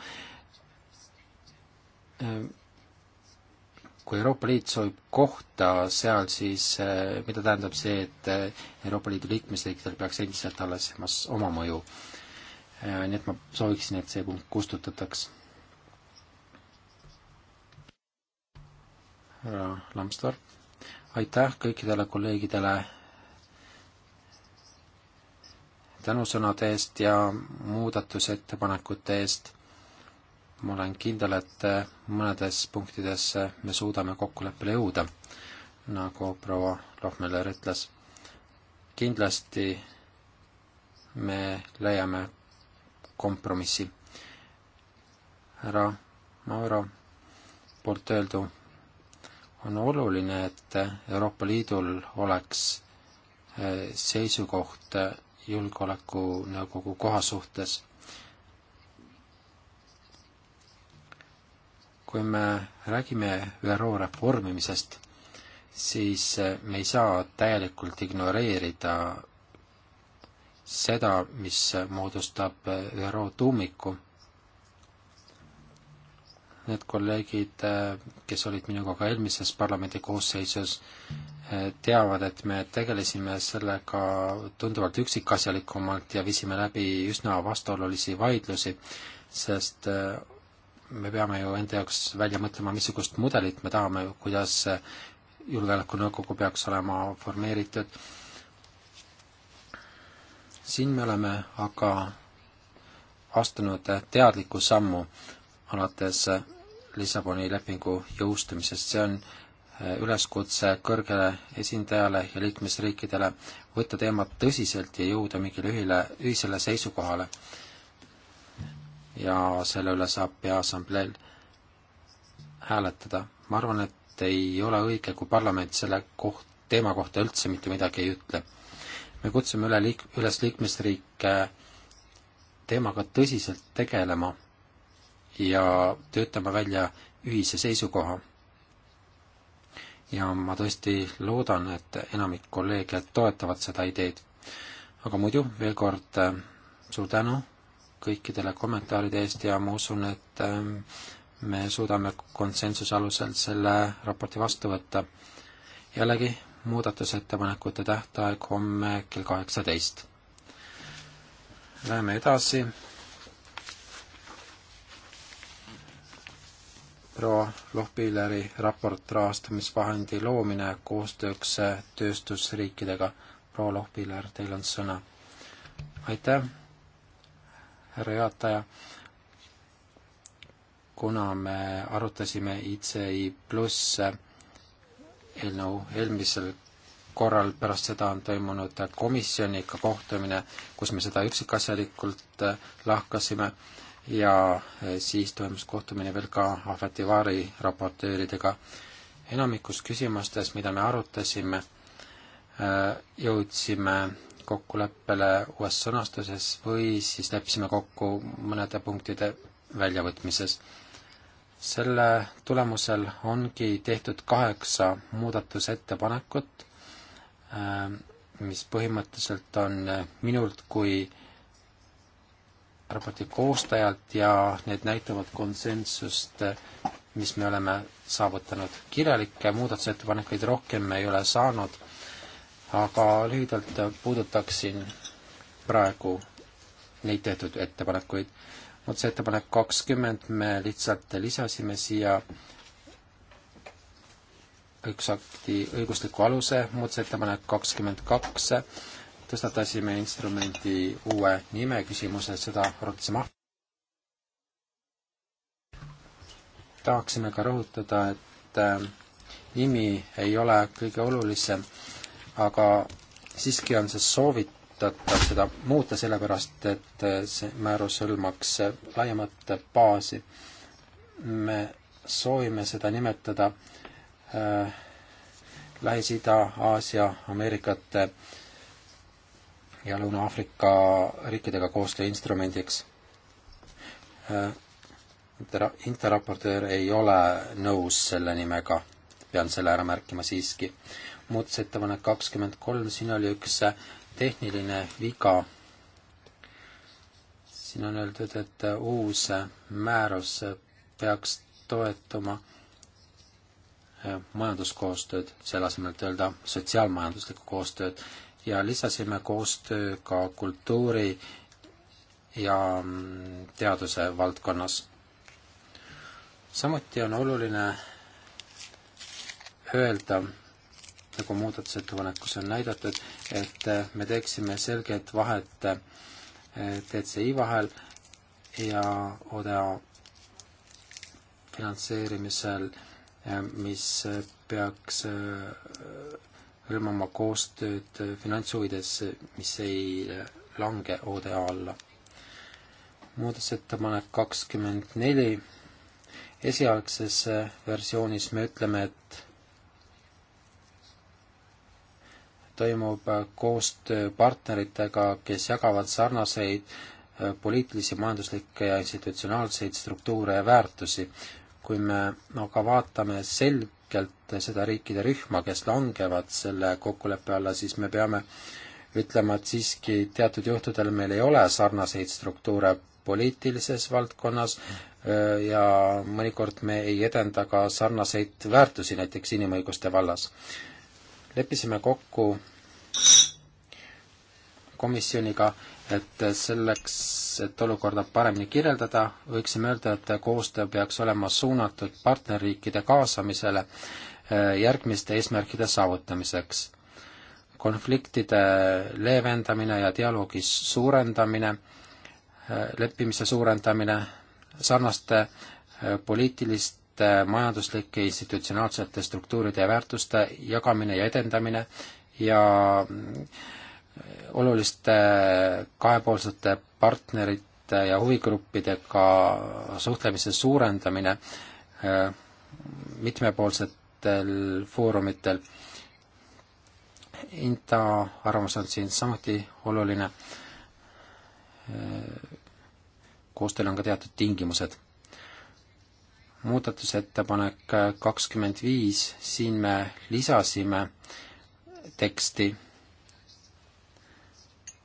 kui Euroopa Liit soovib kohta seal, siis eh, mida tähendab see, et eh, Euroopa Liidu liikmesriikidel peaks endiselt alles oma mõju? Eh, nii et ma sooviksin, et see punkt kustutataks. härra Lamstor, aitäh kõikidele kolleegidele tänusõnade eest ja muudatusettepanekute eest ma olen kindel, et eh, mõnedes punktides eh, me suudame kokkuleppele jõuda, nagu proua Lohmeler ütles. kindlasti me leiame kompromissi. härra Mauro poolt öeldu on oluline, et eh, Euroopa Liidul oleks seisukoht Julgeolekunõukogu koha suhtes kui me räägime ÜRO reformimisest, siis äh, me ei saa täielikult ignoreerida seda, mis moodustab äh, ÜRO tuumiku. Need kolleegid, äh, kes olid minuga ka eelmises parlamendi koosseisus, teavad, et me tegelesime sellega tunduvalt üksikasjalikumalt ja viisime läbi üsna vastuolulisi vaidlusi, sest me peame ju enda jaoks välja mõtlema, missugust mudelit me tahame, kuidas julgeolekunõukogu peaks olema formeeritud. siin me oleme aga astunud teadliku sammu alates Lissaboni lepingu jõustumisest, see on eh, üleskutse kõrgele esindajale ja liikmesriikidele võtta teemat tõsiselt ja jõuda mingile ühile, ühisele seisukohale ja selle üle saab Peaassambleel hääletada. ma arvan, et ei ole õige, kui parlament selle koht, teema kohta üldse mitte midagi ei ütle. me kutsume üle liik-, üles liikmesriike teemaga tõsiselt tegelema ja töötama välja ühise seisukoha. ja ma tõesti loodan, et enamik kolleege toetavad seda ideed. aga muidu, veel kord äh, suur tänu kõikidele kommentaaride eest ja ma usun, et ähm, me suudame konsensuse alusel selle raporti vastu võtta. jällegi, muudatusettepanekute tähtaeg homme kell kaheksateist. Läheme edasi. proua Lohpilleri raport rahastamisvahendi loomine koostööks tööstusriikidega. proua Lohpiller, teil on sõna. aitäh härra juhataja. kuna me arutasime ICI pluss eelnõu eelmisel korral, pärast seda on toimunud komisjoniga kohtumine, kus me seda üksikasjalikult äh, lahkasime ja äh, siis toimus kohtumine veel ka Ahvetivari raportööridega. enamikus küsimustes, mida me arutasime, äh, jõudsime kokkuleppele uues sõnastuses või siis leppisime kokku mõnede punktide väljavõtmises. selle tulemusel ongi tehtud kaheksa muudatusettepanekut, ähm, mis põhimõtteliselt on minult kui raporti koostajalt ja need näitavad konsensust, mis me oleme saavutanud. kirjalikke muudatusettepanekuid rohkem me ei ole saanud aga lühidalt puudutaksin praegu neid tehtud ettepanekuid. muudatusettepanek kakskümmend me lihtsalt lisasime siia üks akti õigusliku aluse, muudatusettepanek kakskümmend kaks, tõstatasime instrumendi uue nime küsimuse, seda arutasime. tahaksime ka rõhutada, et äh, nimi ei ole kõige olulisem aga siiski on see soovitatav seda muuta, sellepärast et see määrus hõlmaks laiemat baasi. me soovime seda nimetada äh, Lähis-Ida, Aasia, Ameerikate ja Lõuna-Aafrika riikidega koostöö instrumendiks äh,. Inter-, interraportöör ei ole nõus selle nimega, pean selle ära märkima siiski äh, muudatusettepanek kakskümmend kolm, siin oli üks tehniline viga. siin on öeldud, et uus määrus peaks toetuma eh, majanduskoostööd, selle asemel, et öelda sotsiaalmajanduslikku koostööd ja lisasime koostöö ka kultuuri ja mm, teaduse valdkonnas. samuti on oluline öelda, nagu muudatusettepanekus on näidatud, et äh, me teeksime selget vahet äh, DCI vahel ja ODA finantseerimisel, äh, mis peaks hõlmama koostööd finantshuvides, mis ei lange ODA alla. muudatusettepanek kakskümmend neli, esialgses versioonis me ütleme, et toimub koostöö partneritega, kes jagavad sarnaseid äh, poliitilisi, majanduslikke ja institutsionaalseid struktuure ja väärtusi. kui me aga vaatame selgelt seda riikide rühma, kes langevad selle kokkuleppe alla, siis me peame ütlema, et siiski teatud juhtudel meil ei ole sarnaseid struktuure poliitilises valdkonnas äh, ja mõnikord me ei edenda ka sarnaseid väärtusi näiteks inimõiguste vallas leppisime kokku komisjoniga, et selleks, et olukorda paremini kirjeldada, võiksime öelda, et koostöö peaks olema suunatud partnerriikide kaasamisele eh, järgmiste eesmärkide saavutamiseks. konfliktide leevendamine ja dialoogi suurendamine, eh, leppimise suurendamine, sarnaste eh, poliitilist et äh, majanduslike institutsionaalsete struktuuride ja väärtuste jagamine ja edendamine ja äh, oluliste äh, kahepoolsete partnerite ja huvigruppidega suhtlemise suurendamine mitmepoolsetel foorumitel. Inta arvamus on siin samuti oluline. koostööl on ka teatud tingimused muudatusettepanek kakskümmend viis, siin me lisasime teksti,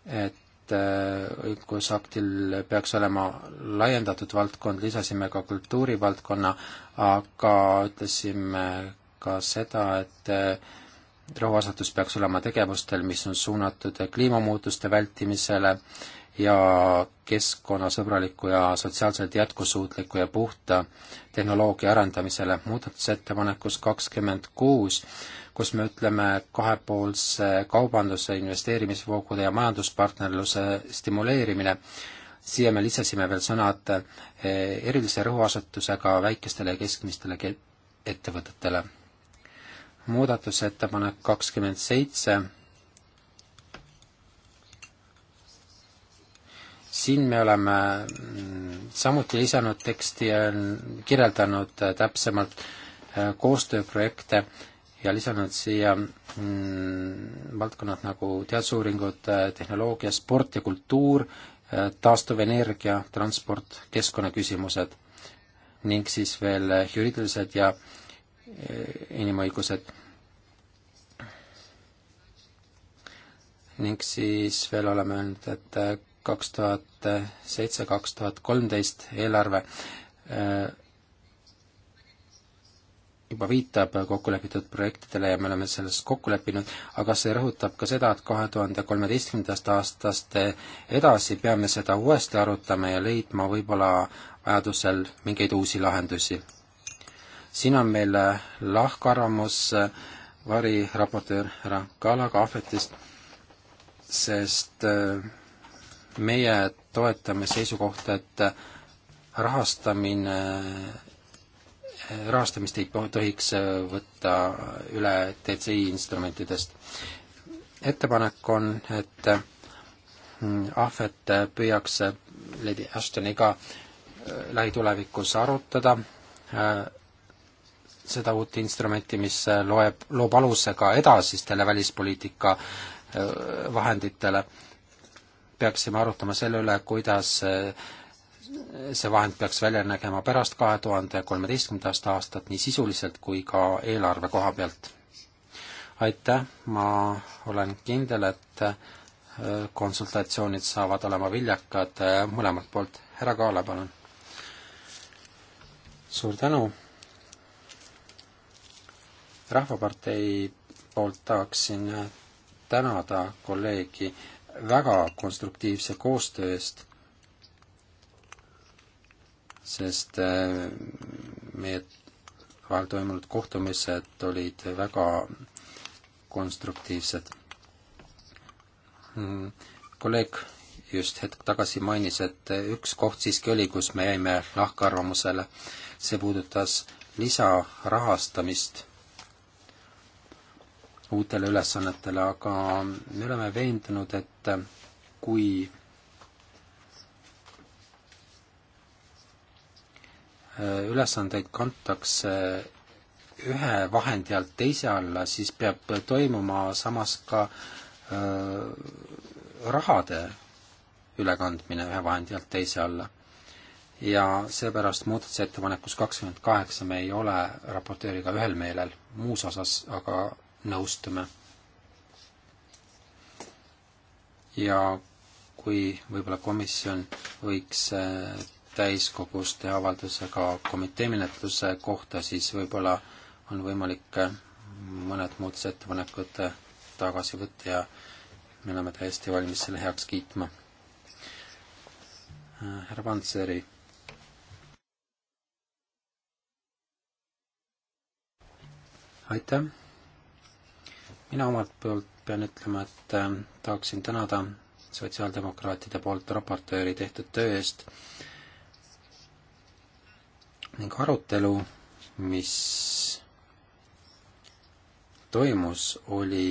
et äh, õigusaktil peaks olema laiendatud valdkond, lisasime ka kultuurivaldkonna, aga ütlesime ka seda, et äh, rõhuasetus peaks olema tegevustel, mis on suunatud kliimamuutuste vältimisele äh,, ja keskkonnasõbraliku ja sotsiaalselt jätkusuutliku ja puhta tehnoloogia arendamisele muudatusettepanekus kakskümmend kuus, kus me ütleme kahepoolse kaubanduse, investeerimisvoogude ja majanduspartnerluse stimuleerimine, siia me lisasime veel sõnad e, erilise rõhuasetusega väikestele ja keskmistele ettevõtetele. muudatusettepanek kakskümmend seitse siin me oleme mm, samuti lisanud teksti ja kirjeldanud äh, täpsemalt äh, koostööprojekte ja lisanud siia mm, valdkonnad nagu teadusuuringud, äh, tehnoloogia, sport ja kultuur, taastuvenergia, transport, keskkonnaküsimused ning siis veel juriidilised ja inimõigused. ning siis veel oleme öelnud, et kaks tuhat seitse, kaks tuhat kolmteist eelarve äh, juba viitab kokkulepitud projektidele ja me oleme selles kokku leppinud, aga see rõhutab ka seda, et kahe tuhande kolmeteistkümnendast aastast edasi peame seda uuesti arutama ja leidma võib-olla vajadusel mingeid uusi lahendusi. siin on meil äh, lahkarvamus äh, variraportöör härra Kalaga Ahvetist, sest äh, meie toetame seisukohta, et rahastamine, rahastamist ei tohiks võtta üle DCI instrumentidest. ettepanek on, et mm, ahvet püüaks Lady Ashtoniga äh, lähitulevikus arutada äh, seda uut instrumenti, mis loeb, loob aluse ka edasistele välispoliitika äh, vahenditele peaksime arutama selle üle, kuidas see vahend peaks välja nägema pärast kahe tuhande kolmeteistkümnendast aastat nii sisuliselt kui ka eelarve koha pealt. aitäh, ma olen kindel, et äh, konsultatsioonid saavad olema viljakad äh, mõlemalt poolt. härra Kaala, palun. suur tänu. rahvapartei poolt tahaksin äh, tänada kolleegi äh, väga konstruktiivse koostöö eest, sest äh, meie vahel toimunud kohtumised olid väga konstruktiivsed. Mm, kolleeg just hetk tagasi mainis, et üks koht siiski oli, kus me jäime lahkarvamusele, see puudutas lisarahastamist uutele ülesannetele, aga me oleme veendunud, et kui ülesandeid kantakse ühe vahendi alt teise alla, siis peab toimuma samas ka öö, rahade ülekandmine ühe vahendi alt teise alla. ja seepärast muudatusettepanekus kakskümmend kaheksa me ei ole raportööriga ühel meelel, muus osas aga nõustume. ja kui võib-olla komisjon võiks äh, täiskogus teha avalduse ka komitee menetluse kohta, siis võib-olla on võimalik äh, mõned muudatusettepanekud äh, tagasi võtta ja me oleme täiesti valmis selle heaks kiitma. härra Pantseri aitäh! mina omalt poolt pean ütlema, et äh, tahaksin tänada sotsiaaldemokraatide poolt raportööri tehtud töö eest ning arutelu, mis toimus, oli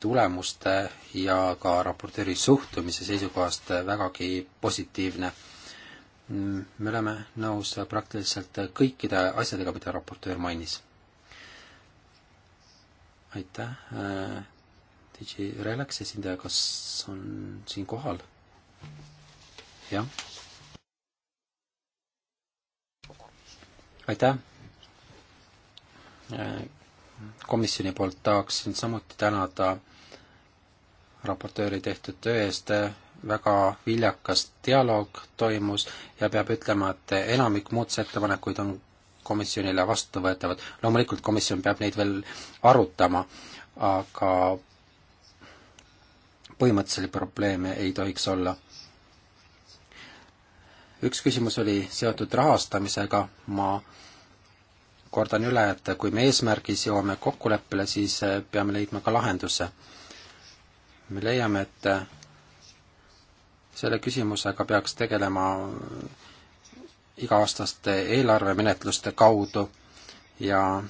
tulemuste ja ka raportööri suhtumise seisukohast vägagi positiivne. Mm, me oleme nõus praktiliselt kõikide asjadega, mida raportöör mainis aitäh, äh, DJ Relax esindaja, kas on siin kohal? jah. aitäh. Äh, komisjoni poolt tahaksin samuti tänada raportööri tehtud töö eest, väga viljakas dialoog toimus ja peab ütlema, et enamik muudatusettepanekuid on komisjonile vastuvõetavad. loomulikult komisjon peab neid veel arutama, aga põhimõttelisi probleeme ei tohiks olla. üks küsimus oli seotud rahastamisega, ma kordan üle, et kui me eesmärgis jõuame kokkuleppele, siis peame leidma ka lahenduse. me leiame, et selle küsimusega peaks tegelema iga-aastaste eelarvemenetluste kaudu ja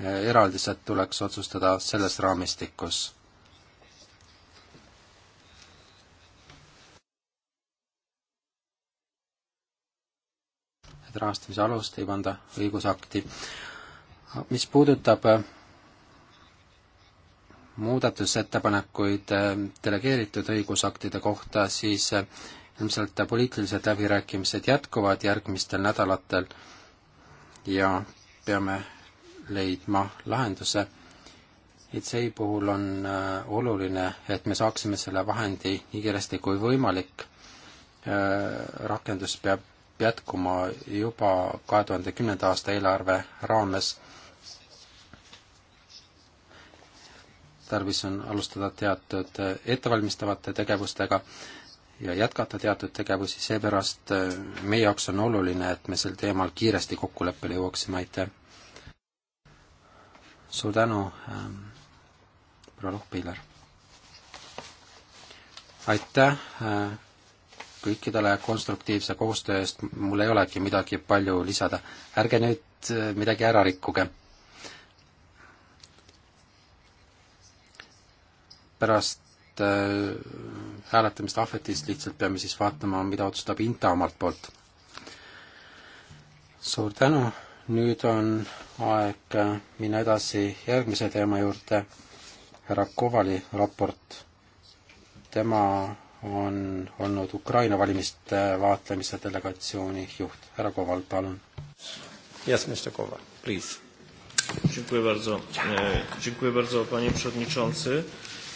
eh, eraldised tuleks otsustada selles raamistikus. et rahastamise alust ei panda õigusakti. mis puudutab eh, muudatusettepanekuid eh, delegeeritud õigusaktide kohta, siis ilmselt poliitilised läbirääkimised jätkuvad järgmistel nädalatel ja peame leidma lahenduse. ITSEI puhul on äh, oluline, et me saaksime selle vahendi nii kiiresti kui võimalik. Äh, rakendus peab jätkuma juba kahe tuhande kümnenda aasta eelarve raames. tarvis on alustada teatud äh, ettevalmistavate tegevustega ja jätkata teatud tegevusi, seepärast äh, meie jaoks on oluline, et me sel teemal kiiresti kokkuleppele jõuaksime, aitäh! suur tänu ähm,, proua Lohpiiler! aitäh äh, kõikidele konstruktiivse koostöö eest, mul ei olegi midagi palju lisada. ärge nüüd äh, midagi ära rikkuge. pärast äh, hääletamist ahvetist, lihtsalt peame siis vaatama, mida otsustab Inta omalt poolt. suur tänu, nüüd on aeg minna edasi järgmise teema juurde, härra Kovali raport. tema on olnud Ukraina valimiste vaatlemise delegatsiooni juht. härra Koval, palun. Yes, Mr Koval, please. Dziękuję bardzo. E, dziękuję bardzo, panie przewodniczący.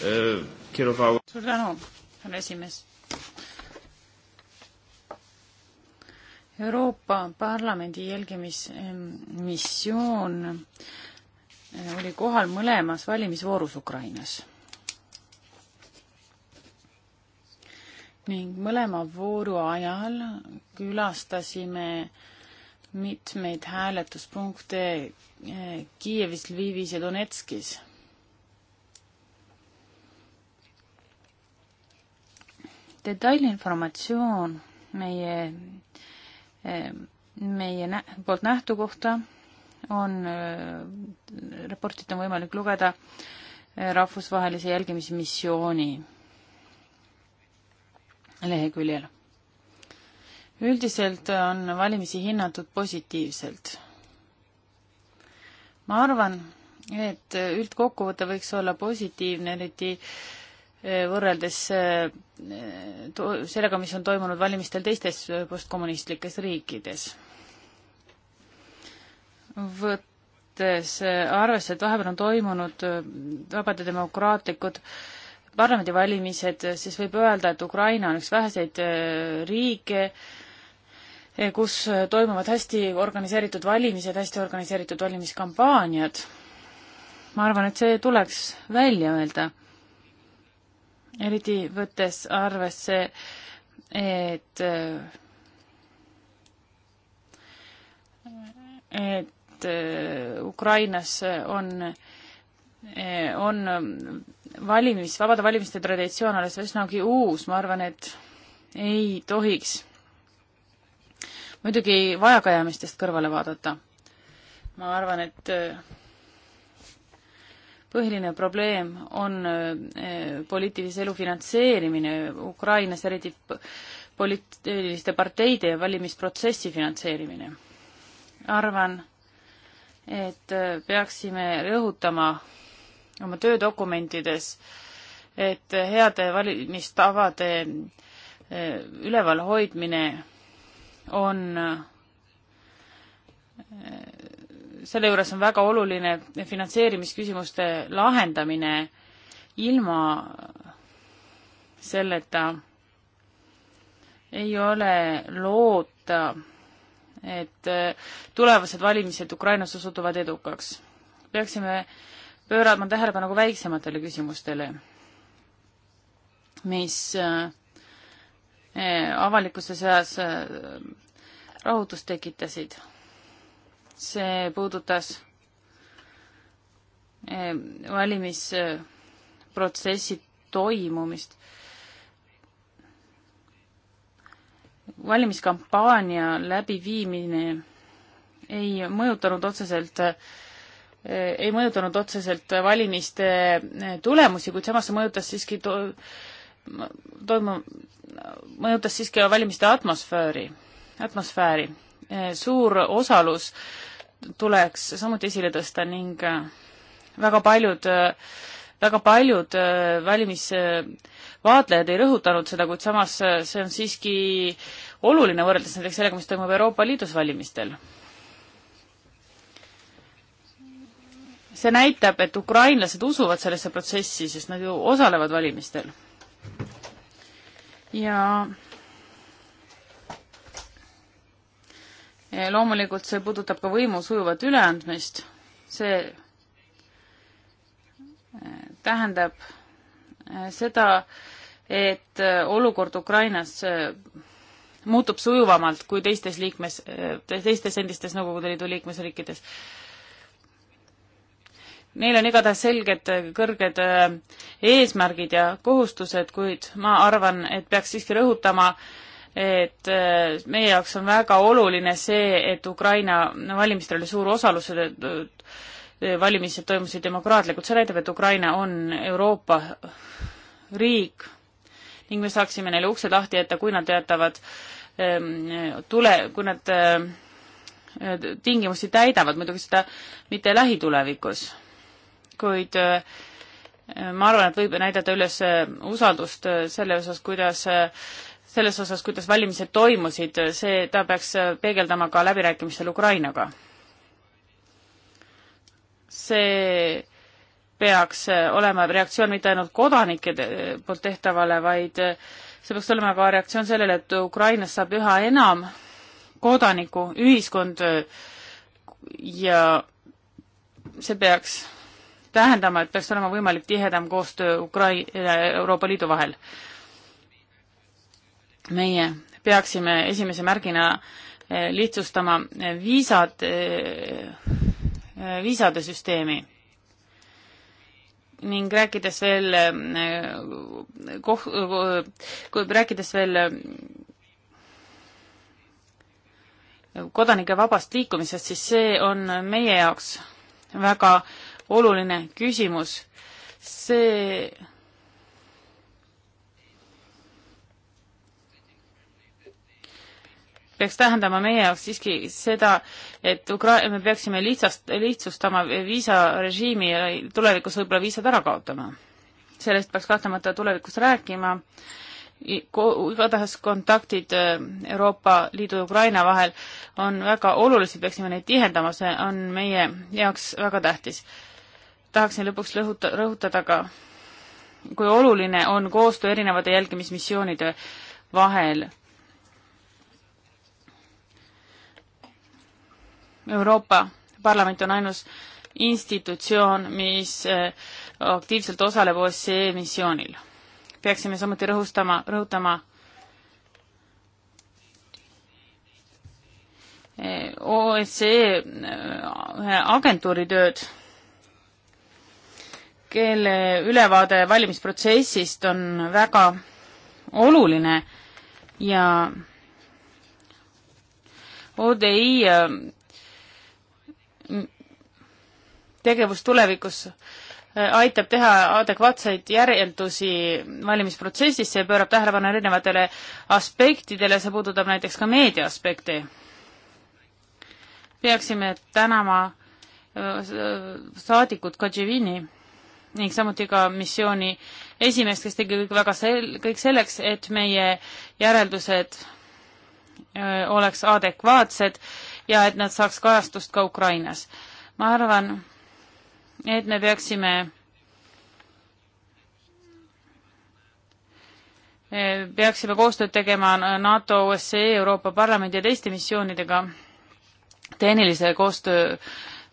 E, Kierowały...
Suur tänu, härra esimees. Euroopa Parlamendi jälgimismissioon eh, oli kohal mõlemas valimisvoorus Ukrainas ning mõlema vooru ajal külastasime mitmeid hääletuspunkte eh, Kiievis, Lvivis ja Donetskis. detailinformatsioon meie, meie nä-, poolt nähtu kohta on, raportit on võimalik lugeda eh, rahvusvahelise jälgimismissiooni leheküljel. üldiselt on valimisi hinnatud positiivselt. ma arvan, et üldkokkuvõte võiks olla positiivne, eriti äh, võrreldes eh, sellega, mis on toimunud valimistel teistes postkommunistlikes riikides. võttes arvesse, et vahepeal on toimunud eh, vabad ja demokraatlikud parlamendivalimised, siis võib öelda, et Ukraina on üks väheseid eh, riike, kus toimuvad hästi organiseeritud valimised, hästi organiseeritud valimiskampaaniad. ma arvan, et see tuleks välja öelda eriti võttes arvesse, et, et äh, Ukrainas on, äh, on valimis, vabade valimiste traditsioon alles üsnagi uus, ma arvan, et ei tohiks muidugi vajakajäämistest kõrvale vaadata. ma arvan, et äh, põhiline probleem on äh, poliitilise elu finantseerimine Ukrainas, eriti poliitiliste parteide ja valimisprotsessi finantseerimine. arvan, et äh, peaksime rõhutama oma töödokumentides, et heade valimistavade äh, ülevalhoidmine on selle juures on väga oluline finantseerimisküsimuste lahendamine ilma selleta ei ole loota, et äh, tulevased valimised Ukrainas osutuvad edukaks. peaksime pöörama tähelepanu ka väiksematele küsimustele, mis äh, äh, avalikkuse seas rahutust tekitasid see puudutas eh, valimisprotsessi toimumist. valimiskampaania läbiviimine ei mõjutanud otseselt eh, ei mõjutanud otseselt valimiste eh, tulemusi, kuid samas see mõjutas siiski to-, toimu-, mõjutas siiski valimiste atmosfääri, atmosfääri. Eh, suur osalus tuleks samuti esile tõsta ning eh, väga paljud, eh, väga paljud valimisvaatlejad ei rõhutanud seda, kuid samas see on siiski oluline võrreldes näiteks sellega, mis toimub Euroopa Liidus valimistel. see näitab, et ukrainlased usuvad sellesse protsessi, sest nad ju osalevad valimistel. ja loomulikult see puudutab ka võimu sujuvat üleandmist, see äh, tähendab äh, seda, et äh, olukord Ukrainas muutub sujuvamalt kui teistes liikmes, teistes endistes Nõukogude Liidu liikmesriikides. Neil on igatahes selged kõrged eesmärgid ja kohustused, kuid ma arvan, et peaks siiski rõhutama äh, et äh, meie jaoks on väga oluline see, et Ukraina valimistel oli suur osalus, äh, valimised toimusid demokraatlikult, see näitab, et Ukraina on Euroopa riik ning me saaksime neile ukse lahti jätta, kui nad jätavad ähm, tule, kui nad äh, tingimusi täidavad, muidugi seda mitte lähitulevikus, kuid ma arvan, et võib näidata üles usaldust selle osas, kuidas selles osas, kuidas valimised toimusid, see, ta peaks peegeldama ka läbirääkimistel Ukrainaga. see peaks olema reaktsioon mitte ainult kodanike poolt tehtavale, vaid see peaks olema ka reaktsioon sellele, et Ukrainas saab üha enam kodanikuühiskond ja see peaks tähendama, et peaks olema võimalik tihedam koostöö Ukraina ja Euroopa Liidu vahel meie peaksime esimese märgina eh, lihtsustama eh, viisad, eh, viisade süsteemi. ning rääkides veel koh-, kui rääkides veel kodanike vabast liikumisest, siis see on meie jaoks väga oluline küsimus. see peaks tähendama meie jaoks siiski seda, et Ukra-, me peaksime lihtsast, lihtsustama viisarežiimi ja tulevikus võib-olla viisad ära kaotama. sellest peaks kahtlemata tulevikus rääkima, igatahes kontaktid äh, Euroopa Liidu ja Ukraina vahel on väga olulised, peaksime neid tihendama, see on meie jaoks väga tähtis. tahaksin lõpuks lõhuta, rõhutada ka, kui oluline on koostöö erinevate jälgimismissioonide vahel Euroopa Parlament on ainus institutsioon, mis eh, aktiivselt osaleb OSCE missioonil. peaksime samuti rõhustama, rõhutama eh, OSCE eh, agentuuri tööd, kelle ülevaade valimisprotsessist on väga oluline ja ODI tegevus tulevikus äh, aitab teha adekvaatseid järeldusi valimisprotsessisse ja pöörab tähelepanu erinevatele aspektidele, see puudutab näiteks ka meedia aspekti. peaksime tänama äh, saadikut Kadživini ning samuti ka missiooni esimeest, kes tegi kõik väga sel-, kõik selleks, et meie järeldused öö, äh, oleks adekvaatsed ja et nad saaks kajastust ka Ukrainas. ma arvan, et me peaksime e, peaksime koostööd tegema NATO, OSCE, Euroopa Parlamendi ja teiste missioonidega tehnilise koostöö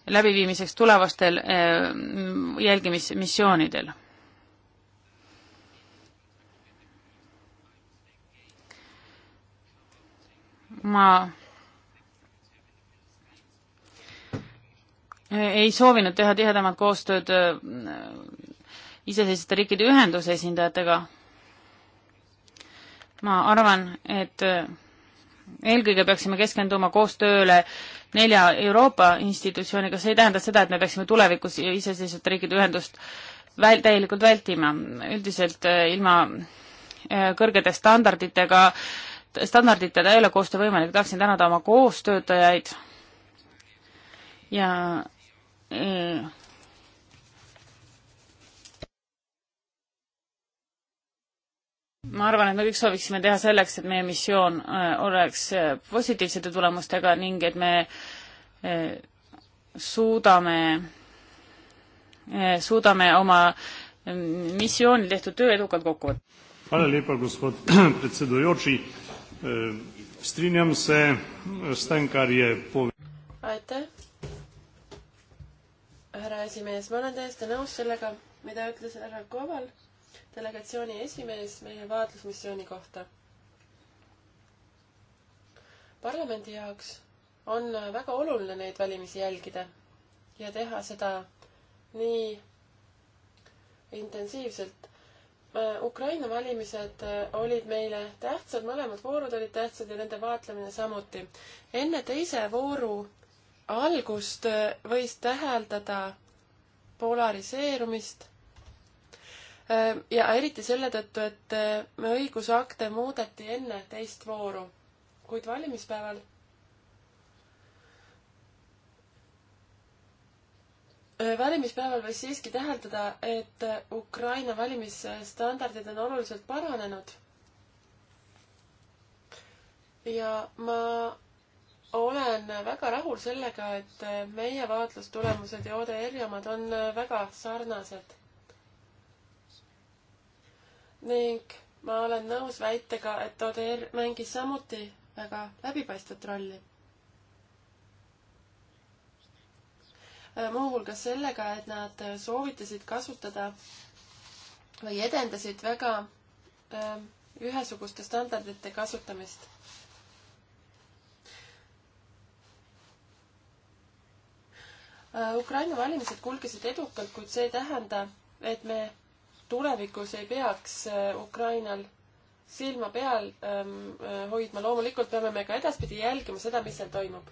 läbiviimiseks tulevastel e, jälgimismissioonidel. ma ei soovinud teha tihedamat koostööd äh, iseseisvate riikide ühenduse esindajatega. ma arvan, et äh, eelkõige peaksime keskenduma koostööle nelja Euroopa institutsiooniga, see ei tähenda seda, et me peaksime tulevikus iseseisvate riikide ühendust väl-, täielikult vältima. üldiselt äh, ilma kõrgete standarditega, standarditega ei ole koostöö võimalik, tahaksin tänada oma koostöötajaid ja ma arvan, et me kõik sooviksime teha selleks, et meie missioon äh, oleks äh, positiivsete tulemustega ning et me äh, suudame, suudame oma missioonil tehtud töö edukalt kokku võtta.
Hvala lepa, gospod predsedujoči. Ehm, strinjam se s tem, kar je povedal.
Aitäh,
härra esimees, ma olen täiesti nõus sellega, mida ütles härra Koval, delegatsiooni esimees meie vaatlusmissiooni kohta. parlamendi jaoks on väga oluline neid valimisi jälgida ja teha seda nii intensiivselt. Ukraina valimised olid meile tähtsad, mõlemad voorud olid tähtsad ja nende vaatlemine samuti. enne teise vooru algust äh, võis täheldada polariseerumist äh, ja eriti selle tõttu, et äh, õigusakte muudeti enne teist vooru, kuid valimispäeval valimispäeval võis siiski täheldada, et Ukraina valimisstandardid on oluliselt paranenud. ja ma olen väga rahul sellega, et meie vaatlustulemused ja ODR-i omad on väga sarnased. ning ma olen nõus väitega, et ODR mängis samuti väga läbipaistvat rolli. muuhulgas sellega, et nad soovitasid kasutada või edendasid väga äh, ühesuguste standardite kasutamist Äh, Ukraina valimised kulgesid edukalt, kuid see ei tähenda, et me tulevikus ei peaks äh, Ukrainal silma peal ähm, äh, hoidma, loomulikult peame me ka edaspidi jälgima seda, mis seal toimub.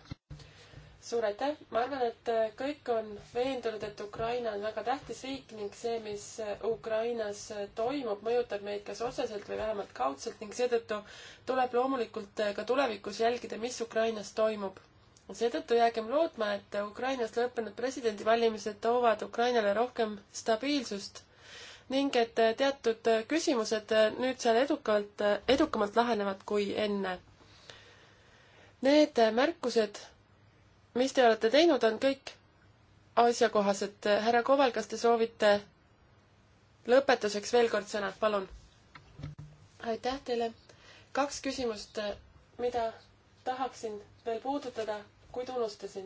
suur aitäh, ma arvan, et kõik on veendunud, et Ukraina on väga tähtis riik ning see, mis Ukrainas toimub, mõjutab meid kas otseselt või vähemalt kaudselt ning seetõttu tuleb loomulikult ka tulevikus jälgida, mis Ukrainas toimub seetõttu jäägem lootma, et Ukrainas lõppenud presidendivalimised toovad Ukrainale rohkem stabiilsust ning et teatud küsimused nüüd seal edukalt, edukamalt lahenevad kui enne. Need märkused, mis te olete teinud, on kõik asjakohased. härra Koval, kas te soovite lõpetuseks veel kord sõna, palun? aitäh teile. kaks küsimust, mida tahaksin veel puudutada, kuid unustasin.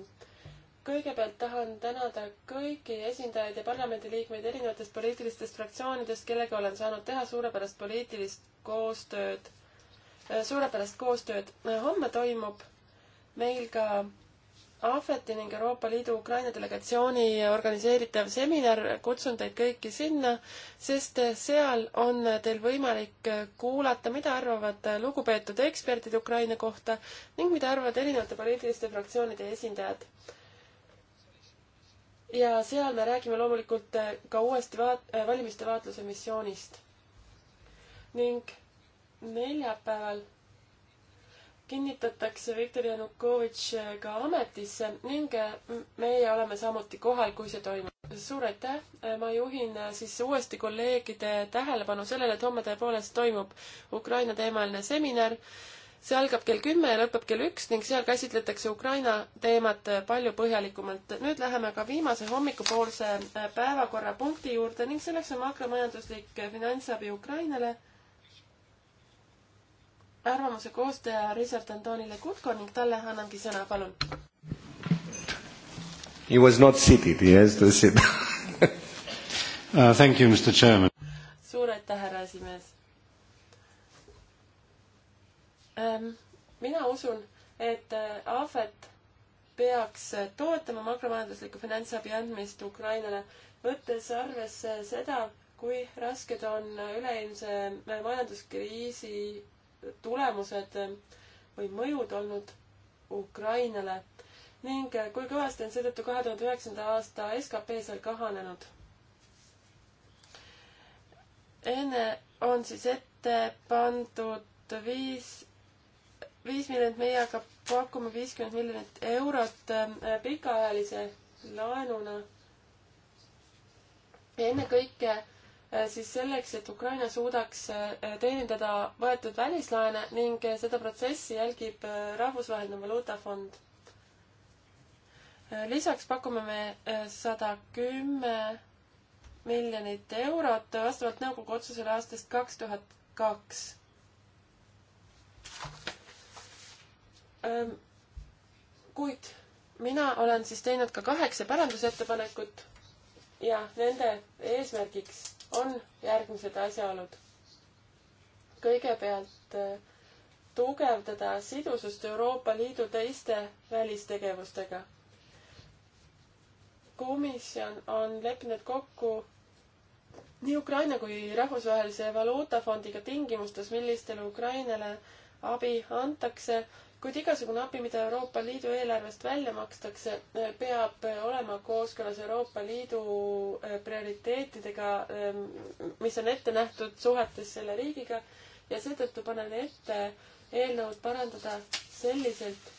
kõigepealt tahan tänada kõiki esindajaid ja parlamendiliikmeid erinevatest poliitilistest fraktsioonidest, kellega olen saanud teha suurepärast poliitilist koostööd, suurepärast koostööd. homme toimub meil ka Ahveti ning Euroopa Liidu Ukraina delegatsiooni organiseeritav seminar, kutsun teid kõiki sinna, sest seal on teil võimalik kuulata, mida arvavad lugupeetud eksperdid Ukraina kohta ning mida arvavad erinevate poliitiliste fraktsioonide esindajad. ja seal me räägime loomulikult ka uuesti vaat-, valimiste vaatluse missioonist. ning neljapäeval kinnitatakse Viktor Janukovitš ka ametisse ning meie oleme samuti kohal, kui see toimub. suur aitäh, ma juhin äh, siis uuesti kolleegide tähelepanu sellele, et homme tõepoolest toimub Ukraina teemaline seminar. see algab kell kümme ja lõpeb kell üks ning seal käsitletakse Ukraina teemat palju põhjalikumalt. nüüd läheme ka viimase hommikupoolse äh, päevakorrapunkti juurde ning selleks on makromajanduslik äh, finantsabi Ukrainale arvamuse koostaja Richard Antonile Kutko ning talle annangi sõna, palun.
He was not seated, he has to sit uh, thank you, Mr Chairman.
suur aitäh, härra esimees ähm,. mina usun, et äh, Ahvet peaks äh, toetama makromajanduslikku finantsabi andmist Ukrainale, võttes arvesse seda, kui rasked on äh, üleilmse majanduskriisi tulemused või mõjud olnud Ukrainale ning kui kõvasti on seetõttu kahe tuhande üheksanda aasta skp seal kahanenud. enne on siis ette pandud viis, viis miljonit, meie aga pakume viiskümmend miljonit eurot äh, pikaajalise laenuna. ennekõike Äh, siis selleks, et Ukraina suudaks äh, teenindada võetud välislaene ning äh, seda protsessi jälgib Rahvusvaheline Valuutafond. lisaks pakume me sada kümme miljonit eurot vastavalt nõukogu otsusele aastast kaks tuhat kaks ähm, kuid mina olen siis teinud ka kaheksa parandusettepanekut ja nende eesmärgiks on järgmised asjaolud. kõigepealt äh, tugevdada sidusust Euroopa Liidu teiste välistegevustega. komisjon on leppinud kokku nii Ukraina kui Rahvusvahelise Valuutafondiga tingimustes, millistele Ukrainale abi antakse kuid igasugune abi, mida Euroopa Liidu eelarvest välja makstakse, eh, peab eh, olema kooskõlas Euroopa Liidu eh, prioriteetidega, ehm, mis on ette nähtud suhetes selle riigiga ja seetõttu panen ette eelnõud parandada selliselt,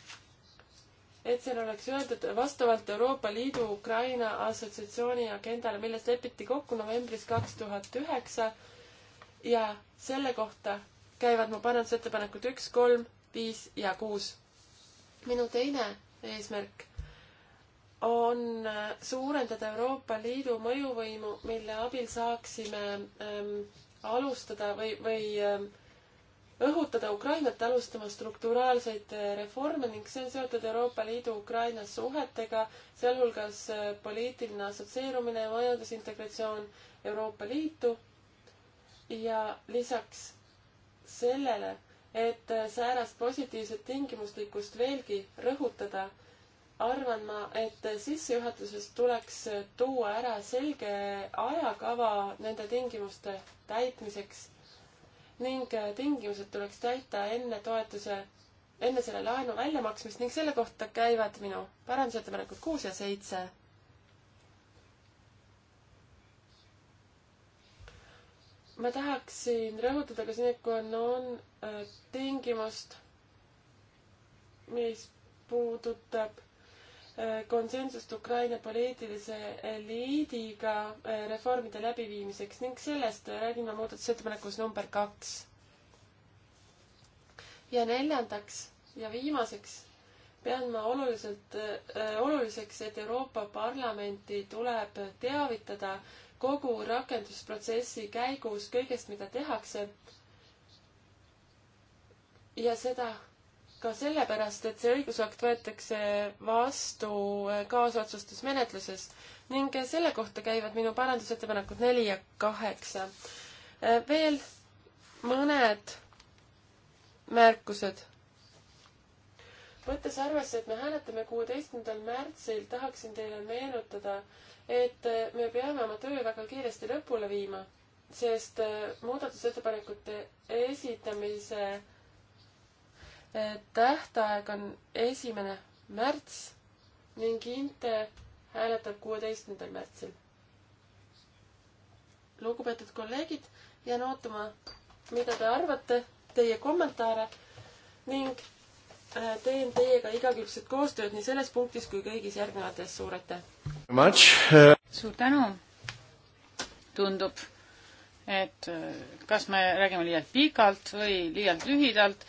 et seal oleks öeldud vastavalt Euroopa Liidu Ukraina assotsiatsiooni agendale, milles lepiti kokku novembris kaks tuhat üheksa ja selle kohta käivad mu parandusettepanekud üks, kolm, viis ja kuus. minu teine eesmärk on äh, suurendada Euroopa Liidu mõjuvõimu, mille abil saaksime ähm, alustada või, või ähm, õhutada Ukrainat alustama strukturaalseid äh, reforme ning see on seotud Euroopa Liidu Ukraina suhetega, sealhulgas äh, poliitiline assotsieerumine, majandusintegratsioon Euroopa Liitu ja lisaks sellele äh, et säärast positiivset tingimuslikkust veelgi rõhutada, arvan ma, et sissejuhatuses tuleks tuua ära selge ajakava nende tingimuste täitmiseks ning tingimused tuleks täita enne toetuse, enne selle laenu väljamaksmist ning selle kohta käivad minu parandusettepanekud kuus ja seitse ma tahaksin rõhutada ka siin, kui on, on äh, tingimust, mis puudutab äh, konsensust Ukraina poliitilise äh, eliidiga reformide läbiviimiseks ning sellest räägin ma muudatusettepanekus number kaks. ja neljandaks ja viimaseks pean ma oluliselt äh,, oluliseks, et Euroopa Parlamenti tuleb teavitada äh, kogu rakendusprotsessi käigus kõigest, mida tehakse. ja seda ka sellepärast, et see õigusakt võetakse vastu kaasotsustusmenetluses ning selle kohta käivad minu parandusettepanekud neli ja kaheksa. veel mõned märkused võttes arvesse, et me hääletame kuueteistkümnendal märtsil, tahaksin teile meenutada, et äh, me peame oma töö väga kiiresti lõpule viima, sest äh, muudatusettepanekute esitamise äh, tähtaeg on esimene märts ning Inte hääletab kuueteistkümnendal märtsil. lugupeetud kolleegid, jään ootama, mida te arvate, teie kommentaare ning teen teiega igakülgset koostööd nii selles punktis kui kõigis järgnevates, suur aitäh!
suur tänu! tundub, et äh, kas me räägime liialt pikalt või liialt lühidalt.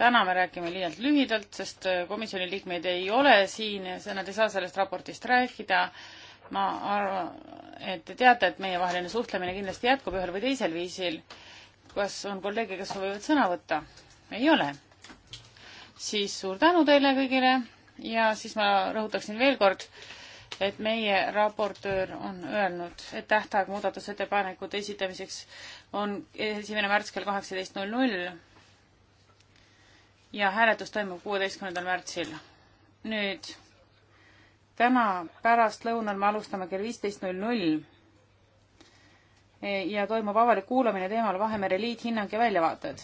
täna me räägime liialt lühidalt, sest äh, komisjoni liikmeid ei ole siin ja nad ei saa sellest raportist rääkida. ma arvan, et te teate, et meievaheline suhtlemine kindlasti jätkub ühel või teisel viisil. kas on kolleege, kes soovivad sõna võtta? ei ole siis suur tänu teile kõigile ja siis ma rõhutaksin veel kord, et meie raportöör on öelnud, et tähtaeg muudatusettepanekute esitamiseks on esimene märts kell kaheksateist null null ja hääletus toimub kuueteistkümnendal märtsil. nüüd täna pärastlõunal me alustame kell viisteist null null ja toimub avalik kuulamine teemal Vahemere liit, hinnang ja väljavaated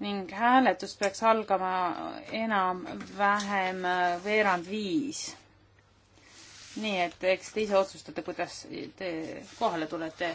ning hääletus peaks algama enam-vähem äh, veerand viis. nii et eks te ise otsustate, kuidas te kohale tulete